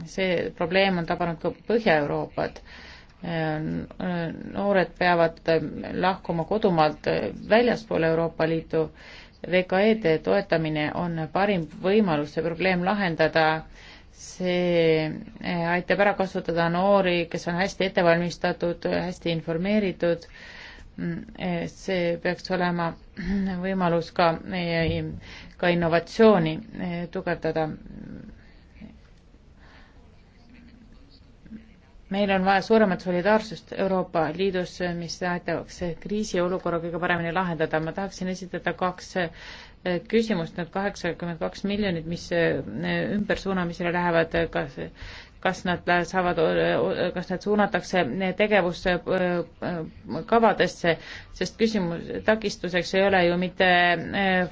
see probleem on tabanud ka Põhja-Euroopat noored peavad lahkuma kodumaalt väljaspool Euroopa Liitu VKE-de toetamine on parim võimalus see probleem lahendada. see eh, aitab ära kasutada noori, kes on hästi ettevalmistatud, hästi informeeritud. Mm, eh, see peaks olema [CLEARS THROAT] võimalus ka meie, ka innovatsiooni eh, tugevdada. meil on vaja suuremat solidaarsust Euroopa Liidus, mis aitaks kriisiolukorra kõige paremini lahendada. ma tahaksin esitada kaks äh, küsimust, need kaheksakümmend kaks miljonit, mis äh, ümbersuunamisele lähevad, kas kas nad saavad, äh, kas nad suunatakse tegevusse kavadesse, sest küsimus, takistuseks ei ole ju mitte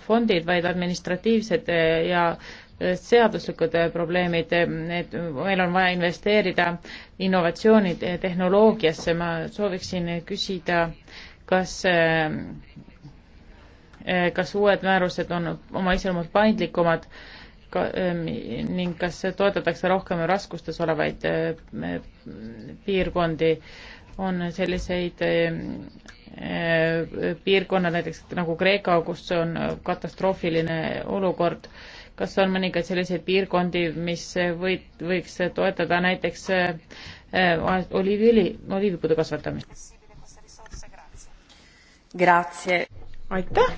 fondid, vaid administratiivsed ja äh, seaduslikud probleemid, need, meil on vaja investeerida innovatsiooni tehnoloogiasse, ma sooviksin küsida, kas eh, kas uued määrused on oma iseloomult paindlikumad ka, eh, ning kas toetatakse rohkem raskustes olevaid eh, piirkondi, on selliseid piirkonnad näiteks nagu Kreeka, kus on katastroofiline olukord kas on mõningaid selliseid piirkondi, mis või, võiks toetada näiteks äh, oliiviõli, oliivipuude kasvatamist? aitäh!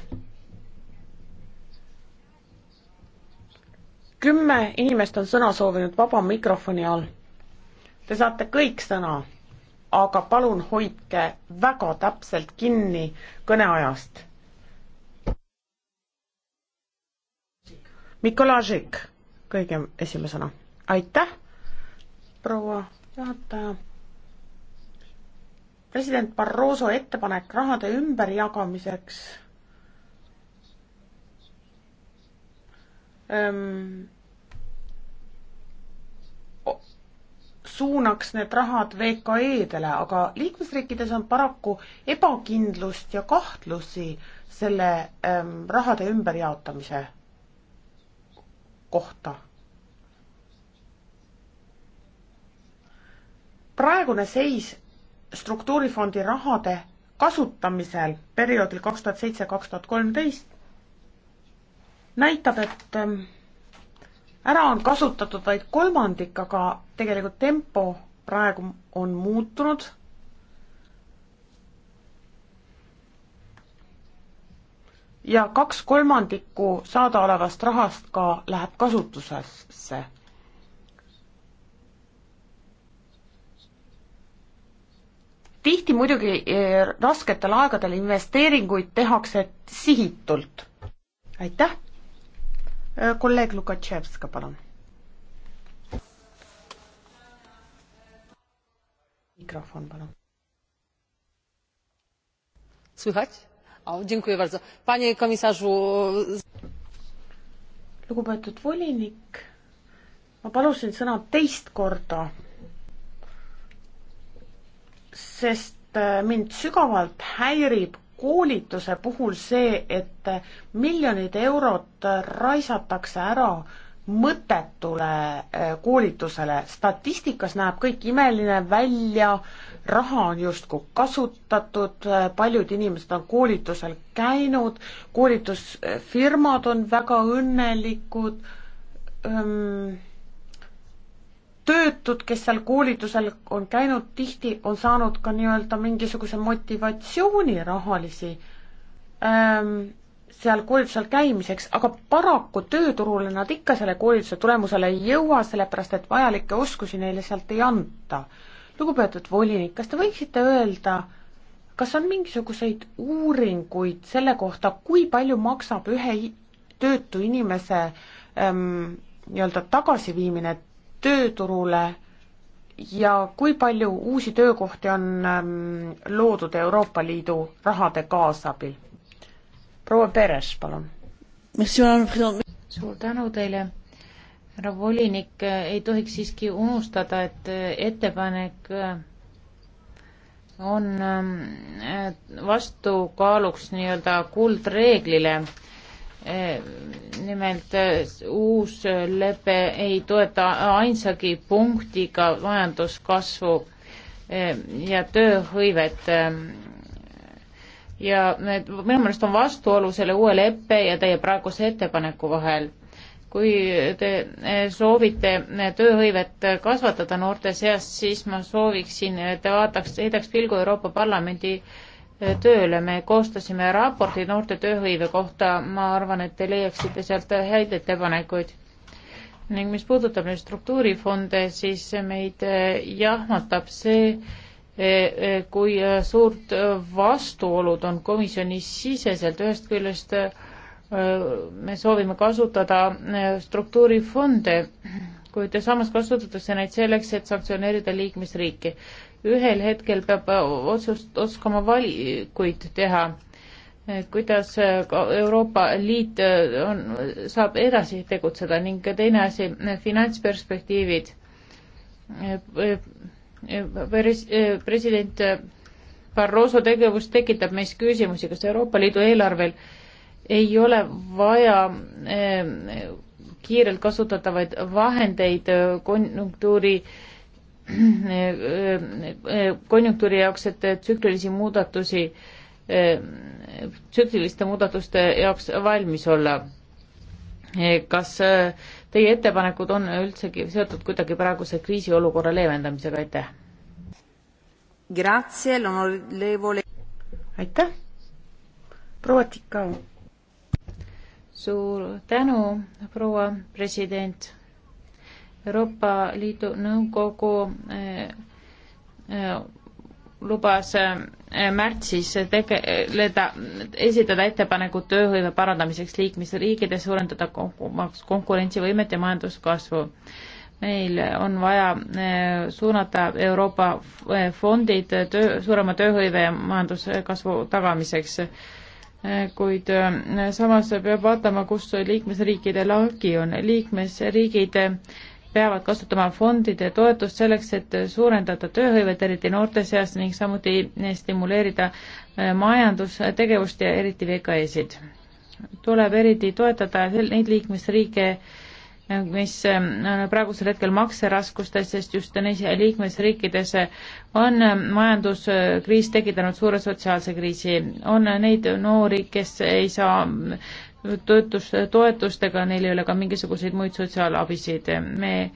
kümme inimest on sõna soovinud vaba mikrofoni all. Te saate kõik sõna, aga palun hoidke väga täpselt kinni kõneajast Mikolažik kõige esimesena. aitäh, proua juhataja. president Barroso ettepanek rahade ümberjagamiseks ähm, suunaks need rahad VKE-dele, aga liikmesriikides on paraku ebakindlust ja kahtlusi selle ähm, rahade ümberjaotamise kohta. praegune seis struktuurifondi rahade kasutamisel perioodil kaks tuhat seitse, kaks tuhat kolmteist näitab, et ähm, ära on kasutatud vaid kolmandik, aga tegelikult tempo praegu on muutunud ja kaks kolmandikku saadaolevast rahast ka läheb kasutusesse. tihti muidugi eh, rasketel aegadel investeeringuid tehakse sihitult. aitäh! Eh, kolleeg Lukatševska, palun. mikrofon, palun. słychać? lugupeetud volinik, ma palusin sõna teist korda, sest äh, mind sügavalt häirib koolituse puhul see, et miljonid eurot raisatakse ära mõttetule äh, koolitusele, statistikas näeb kõik imeline välja, raha on justkui kasutatud, äh, paljud inimesed on koolitusel käinud, koolitusfirmad on väga õnnelikud, ähm, töötud, kes seal koolitusel on käinud, tihti on saanud ka nii-öelda mingisuguse motivatsiooni rahalisi öö, ähm, seal koolitusel käimiseks, aga paraku tööturule nad ikka selle koolituse tulemusele ei jõua, sellepärast et vajalikke oskusi neile sealt ei anta. lugupeetud volinik, kas te võiksite öelda, kas on mingisuguseid uuringuid selle kohta, kui palju maksab ühe töötu inimese ähm, nii-öelda tagasiviimine tööturule ja kui palju uusi töökohti on ähm, loodud Euroopa Liidu rahade kaasabil? proua Peres, palun. suur tänu teile. härra volinik, ei tohiks siiski unustada, et ettepanek on ähm, vastukaaluks nii-öelda kuldreeglile. Äh, nimelt äh, uus lepe ei toeta ainsagi punktiga majanduskasvu äh, ja tööhõivet ähm, ja need minu meelest on vastuolu selle uue leppe ja teie praeguse ettepaneku vahel. kui te eh, soovite eh, tööhõivet kasvatada noorte seas, siis ma sooviksin, et eh, te vaataks, heidaks pilgu Euroopa Parlamendi tööle, me koostasime raporti noorte tööhõive kohta, ma arvan, et te leiaksite sealt häid ettepanekuid. ning mis puudutab nüüd struktuurifonde, siis meid jahmatab see, E, e, kui e, suurt vastuolud on komisjoni siseselt, ühest küljest me soovime kasutada struktuurifonde, kuid samas kasutatakse neid selleks, et sanktsioneerida liikmesriiki. ühel hetkel peab otsust, oskama valikuid teha, kuidas Euroopa Liit on, saab edasi tegutseda ning teine asi, finantsperspektiivid Eh, president eh, Barroso tegevus tekitab meis küsimusi, kas Euroopa Liidu eelarvel ei ole vaja eh, kiirelt kasutatavaid vahendeid konjunktuuri konjunktuuri jaoks, et tsüklilisi muudatusi, tsükliliste muudatuste jaoks valmis olla. kas teie ettepanekud on üldsegi seotud kuidagi praeguse kriisiolukorra leevendamisega, aitäh! aitäh! proua Tikau! suur tänu, proua president! Euroopa Liidu Nõukogu eh, eh, lubas eh, Eh, märtsis tegeleda, esitada ettepanekud tööhõive parandamiseks liikmesriikides, suurendada konkurentsivõimet ja majanduskasvu. meil on vaja eh, suunata Euroopa eh, fondid töö, suurema tööhõive ja majanduskasvu tagamiseks. kuid samas peab vaatama, kus liikmesriikide lagi on, liikmesriigid peavad kasutama fondide toetust selleks, et suurendada tööhõivet, eriti noorte seas ning samuti stimuleerida äh, majandustegevust ja eriti VKE-sid. tuleb eriti toetada neid liikmesriike, äh, mis äh, praegusel hetkel makseraskustes, sest just neis liikmesriikides on majanduskriis tekitanud suure sotsiaalse kriisi. on neid noori, kes ei saa toetus, toetustega, neil ei ole ka mingisuguseid muid sotsiaalabisid. me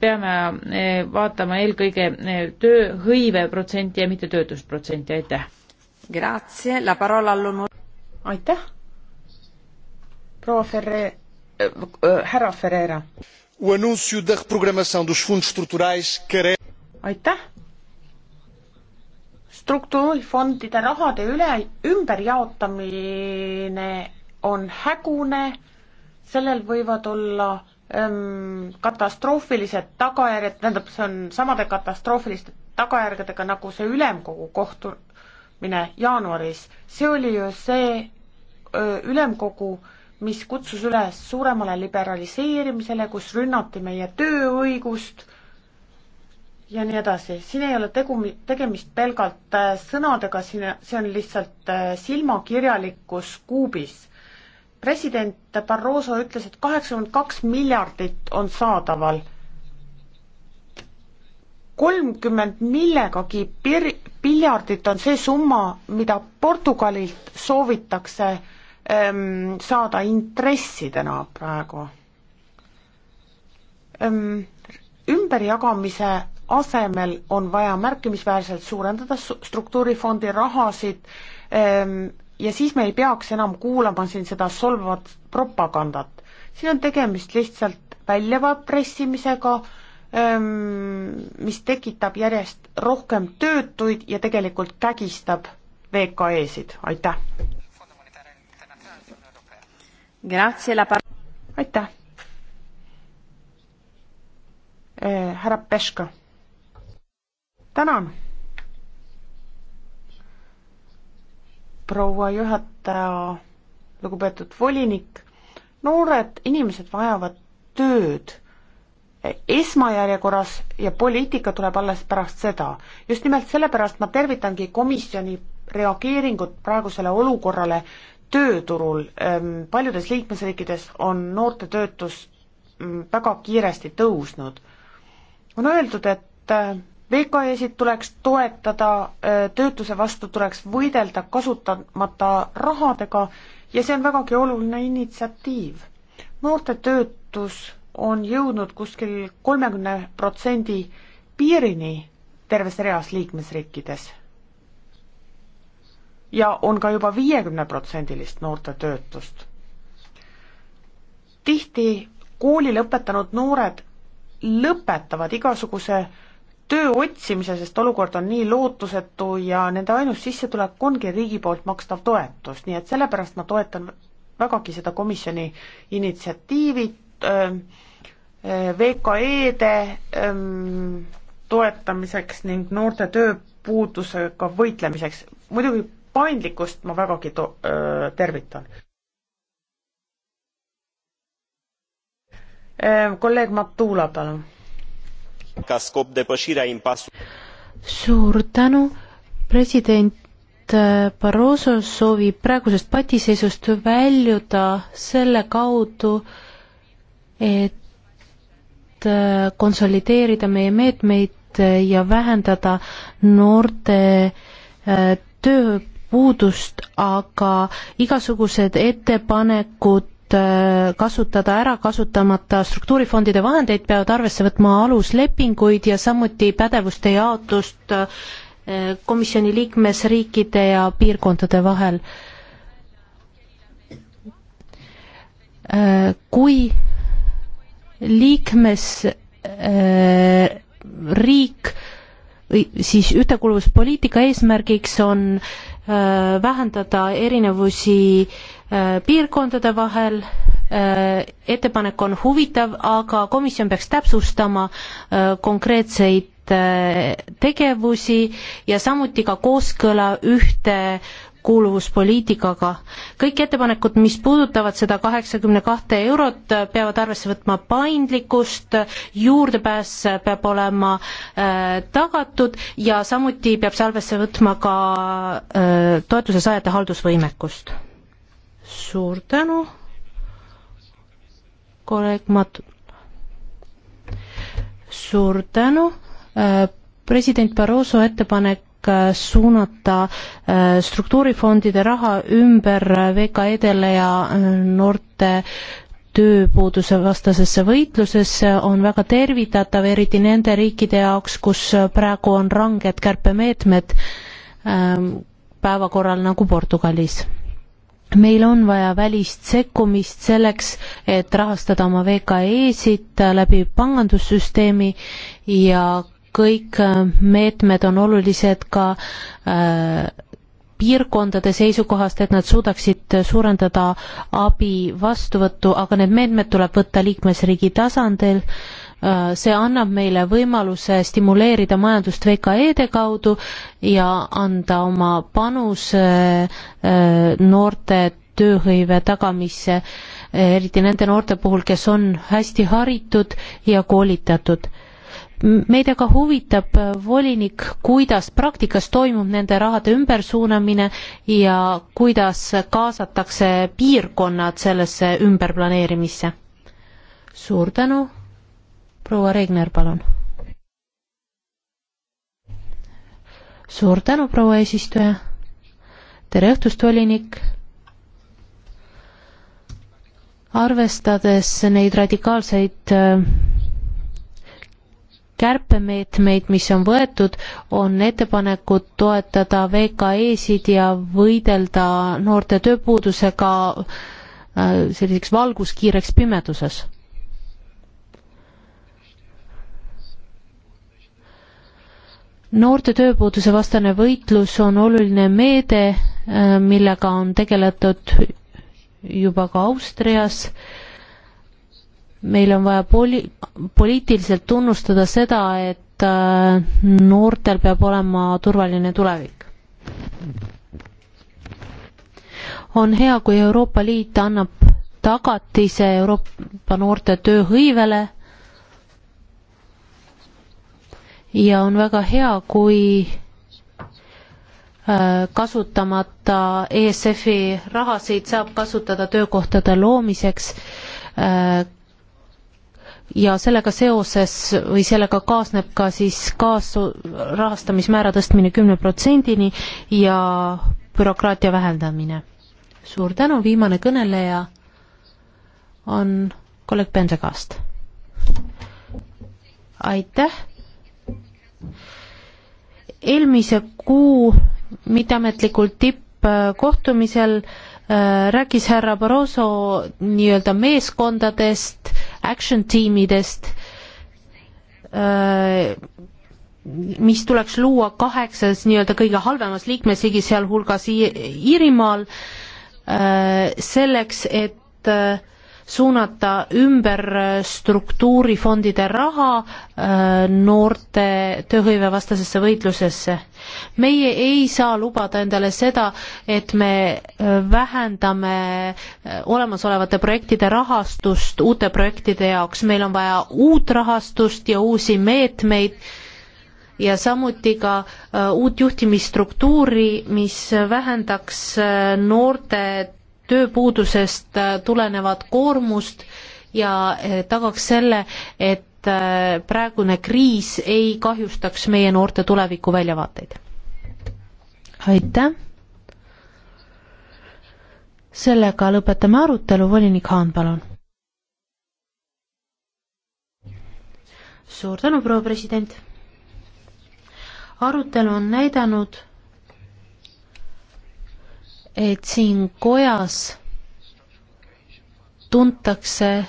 peame eh, vaatama eelkõige eh, tööhõive protsenti ja mitte töötusprotsenti, aitäh. Grazie, la parola all'onu-. aitäh. proua Ferre- äh,, härra Ferreira. O anúncio da reprogramação dos fundos estruturais care-. aitäh struktuurifondide rahade üle ümberjaotamine on hägune, sellel võivad olla ähm, katastroofilised tagajärjed, tähendab, see on samade katastroofiliste tagajärgedega, nagu see ülemkogu kohtumine jaanuaris, see oli ju see öö, ülemkogu, mis kutsus üles suuremale liberaliseerimisele, kus rünnati meie tööõigust ja nii edasi, siin ei ole tegu, tegemist pelgalt äh, sõnadega, siin, see on lihtsalt äh, silmakirjalikkus kuubis president Barroso ütles, et kaheksakümmend kaks miljardit on saadaval. kolmkümmend millegagi pir-, miljardit on see summa, mida Portugalilt soovitakse ähm, saada intressidena praegu ähm,. ümberjagamise asemel on vaja märkimisväärselt suurendada struktuurifondi rahasid ähm,, ja siis me ei peaks enam kuulama siin seda solvavat propagandat. siin on tegemist lihtsalt väljapressimisega, ähm, mis tekitab järjest rohkem töötuid ja tegelikult kägistab VKE-sid, aitäh! aitäh! Äh, härra Peška. tänan proua juhataja, lugupeetud volinik, noored inimesed vajavad tööd esmajärjekorras ja poliitika tuleb alles pärast seda. just nimelt sellepärast ma tervitangi komisjoni reageeringut praegusele olukorrale tööturul. Ehm, paljudes liikmesriikides on noorte töötus mm, väga kiiresti tõusnud. on öeldud, et äh, VKE-sid tuleks toetada, töötuse vastu tuleks võidelda kasutamata rahadega ja see on vägagi oluline initsiatiiv. noorte töötus on jõudnud kuskil kolmekümne protsendi piirini terves reas liikmesriikides. ja on ka juba viiekümneprotsendilist noorte töötust. tihti kooli lõpetanud noored lõpetavad igasuguse töö otsimise, sest olukord on nii lootusetu ja nende ainus sissetulek ongi riigi poolt makstav toetus, nii et sellepärast ma toetan vägagi seda komisjoni initsiatiivi, VKE-de toetamiseks ning noorte tööpuudusega võitlemiseks. muidugi paindlikkust ma vägagi to-, tervitan. kolleeg Matula, palun ca scop depășirea impasului. suur tänu, president äh, Barroso soovib praegusest patiseisust väljuda selle kaudu, et äh, konsolideerida meie meetmeid ja vähendada noorte äh, tööpuudust, aga igasugused ettepanekud Äh, kasutada ära kasutamata struktuurifondide vahendeid, peavad arvesse võtma aluslepinguid ja samuti pädevuste jaotust äh, komisjoni liikmesriikide ja piirkondade vahel. Äh, kui liikmesriik või siis ühtekuuluvuspoliitika eesmärgiks on äh, Äh, vähendada erinevusi äh, piirkondade vahel, äh, ettepanek on huvitav, aga komisjon peaks täpsustama konkreetseid tegevusi ja samuti ka kooskõla ühte ühtekuuluvuspoliitikaga. kõik ettepanekud, mis puudutavad seda kaheksakümne kahte eurot, peavad arvesse võtma paindlikkust, juurdepääs peab olema äh, tagatud ja samuti peab see arvesse võtma ka äh, toetuse saajate haldusvõimekust. suur tänu, kolleeg Matu-. suur tänu äh,, president Barroso ettepanek Äh, suunata äh, struktuurifondide raha ümber äh, VKE-dele ja noorte tööpuuduse vastasesse võitlusesse on väga tervitatav, eriti nende riikide jaoks, kus praegu on ranged kärpemeetmed ähm, päevakorral nagu Portugalis. meil on vaja välist sekkumist selleks, et rahastada oma VKE-sid läbi pangandussüsteemi ja kõik äh, meetmed on olulised ka äh, piirkondade seisukohast, et nad suudaksid suurendada abi vastuvõttu, aga need meetmed tuleb võtta liikmesriigi tasandil äh,, see annab meile võimaluse stimuleerida majandust VKE-de kaudu ja anda oma panuse äh, äh, noorte tööhõive tagamisse, äh, eriti nende noorte puhul, kes on hästi haritud ja koolitatud meid aga huvitab äh, volinik, kuidas praktikas toimub nende rahade ümbersuunamine ja kuidas kaasatakse piirkonnad sellesse ümberplaneerimisse. suur tänu, proua Regner, palun. suur tänu, proua eesistuja. tere õhtust, volinik arvestades neid radikaalseid äh, kärpemeetmeid, mis on võetud, on ettepanekud toetada VKE-sid ja võidelda noorte tööpuudusega äh, selliseks valguskiireks pimeduses. noorte tööpuuduse vastane võitlus on oluline meede, äh, millega on tegeletud juba ka Austrias äh, meil on vaja poli-, poliitiliselt tunnustada seda, et äh, noortel peab olema turvaline tulevik. on hea, kui Euroopa Liit annab tagatise Euroopa noorte tööhõivele ja on väga hea, kui äh, kasutamata ESF-i rahasid saab kasutada töökohtade loomiseks äh, ja sellega seoses või sellega kaasneb ka siis kaasrahastamismäära tõstmine kümne protsendini ja bürokraatia vähendamine. suur tänu, viimane kõneleja on kolleeg Pensekast. aitäh! eelmise kuu mitteametlikul tippkohtumisel äh, Äh, rääkis härra Barroso nii-öelda meeskondadest, action tiimidest, äh, mis tuleks luua kaheksas nii-öelda kõige halvemas liikmesriigis, sealhulgas Iirimaal, äh, selleks, et suunata ümber struktuurifondide raha äh, noorte tööhõivevastasesse võitlusesse. meie ei saa lubada endale seda, et me äh, vähendame äh, olemasolevate projektide rahastust uute projektide jaoks, meil on vaja uut rahastust ja uusi meetmeid ja samuti ka uut juhtimisstruktuuri, mis vähendaks noorte tööpuudusest äh, tulenevat koormust ja äh, tagaks selle, et äh, praegune kriis ei kahjustaks meie noorte tuleviku väljavaateid. aitäh! sellega lõpetame arutelu, volinik Haan, palun. suur tänu, proua president! arutelu on näidanud, et siin kojas tuntakse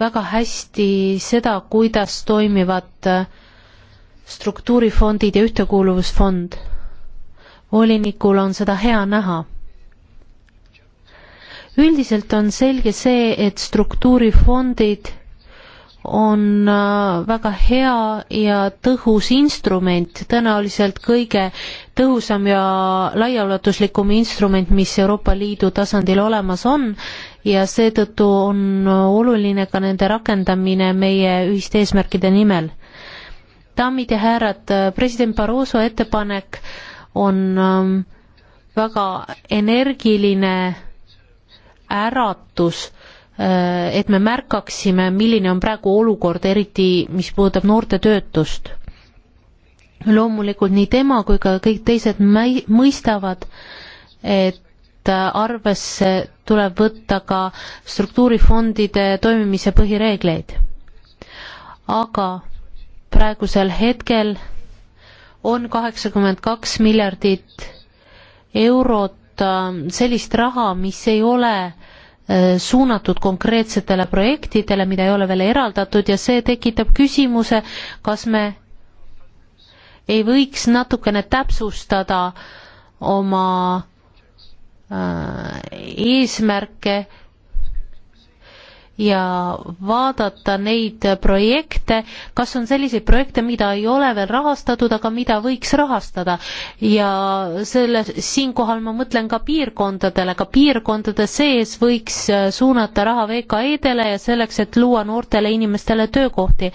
väga hästi seda, kuidas toimivad struktuurifondid ja ühtekuuluvusfond. volinikul on seda hea näha. üldiselt on selge see, et struktuurifondid on äh, väga hea ja tõhus instrument, tõenäoliselt kõige tõhusam ja laiaulatuslikum instrument, mis Euroopa Liidu tasandil olemas on ja seetõttu on oluline ka nende rakendamine meie ühiste eesmärkide nimel. daamid ja härrad, president Barroso ettepanek on ähm, väga energiline äratus Äh, et me märkaksime, milline on praegu olukord, eriti mis puudutab noorte töötust. loomulikult nii tema kui ka kõik teised mõistavad, et arvesse tuleb võtta ka struktuurifondide toimimise põhireegleid. aga praegusel hetkel on kaheksakümmend kaks miljardit eurot äh, sellist raha, mis ei ole äh, Äh, suunatud konkreetsetele projektidele, mida ei ole veel eraldatud ja see tekitab küsimuse, kas me ei võiks natukene täpsustada oma äh, eesmärke ja vaadata neid projekte, kas on selliseid projekte, mida ei ole veel rahastatud, aga mida võiks rahastada. ja selle, siinkohal ma mõtlen ka piirkondadele, ka piirkondade sees võiks äh, suunata raha VKE-dele ja selleks, et luua noortele inimestele töökohti.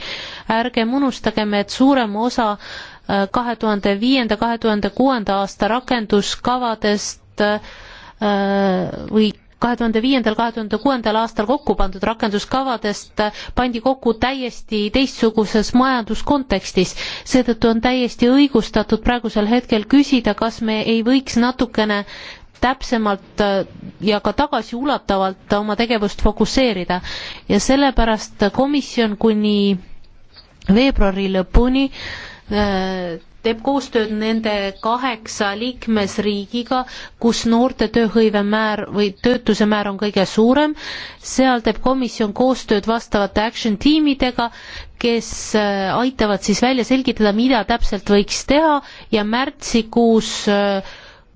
ärgem unustagem, et suurem osa äh, kahe tuhande viienda, kahe tuhande kuuenda aasta rakenduskavadest äh, või kahe tuhande viiendal, kahe tuhande kuuendal aastal kokku pandud rakenduskavadest pandi kokku täiesti teistsuguses majanduskontekstis. seetõttu on täiesti õigustatud praegusel hetkel küsida, kas me ei võiks natukene täpsemalt ja ka tagasiulatavalt oma tegevust fokusseerida ja sellepärast komisjon kuni veebruari lõpuni äh, teeb koostööd nende kaheksa liikmesriigiga, kus noorte tööhõive määr või töötuse määr on kõige suurem. seal teeb komisjon koostööd vastavate action tiimidega, kes äh, aitavad siis välja selgitada, mida täpselt võiks teha ja märtsikuus äh,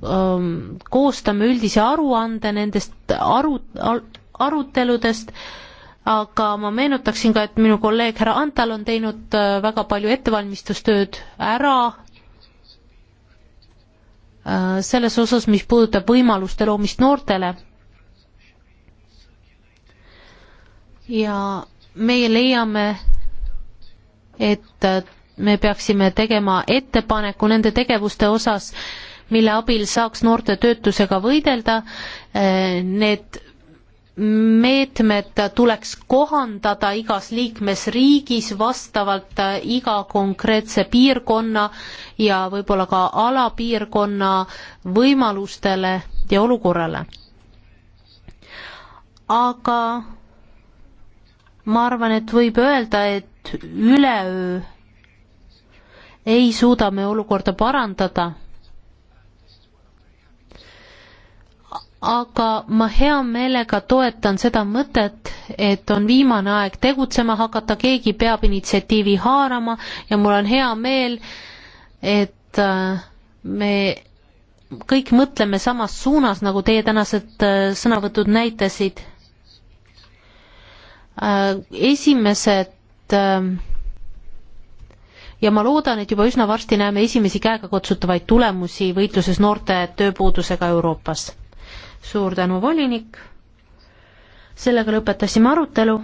ähm, koostame üldise aruande nendest aru, aruteludest aga ma meenutaksin ka, et minu kolleeg härra Antal on teinud äh, väga palju ettevalmistustööd ära äh, selles osas, mis puudutab võimaluste loomist noortele. ja meie leiame, et äh, me peaksime tegema ettepaneku nende tegevuste osas, mille abil saaks noorte töötusega võidelda, need meetmed tuleks kohandada igas liikmesriigis vastavalt iga konkreetse piirkonna ja võib-olla ka alapiirkonna võimalustele ja olukorrale. aga ma arvan, et võib öelda, et üleöö ei suuda me olukorda parandada aga ma hea meelega toetan seda mõtet, et on viimane aeg tegutsema hakata, keegi peab initsiatiivi haarama ja mul on hea meel, et äh, me kõik mõtleme samas suunas, nagu teie tänased äh, sõnavõtud näitasid. Äh, esimesed ja ma loodan, et juba üsna varsti näeme esimesi käegakotsutavaid tulemusi võitluses noorte tööpuudusega Euroopas suur tänu, volinik. sellega lõpetasime arutelu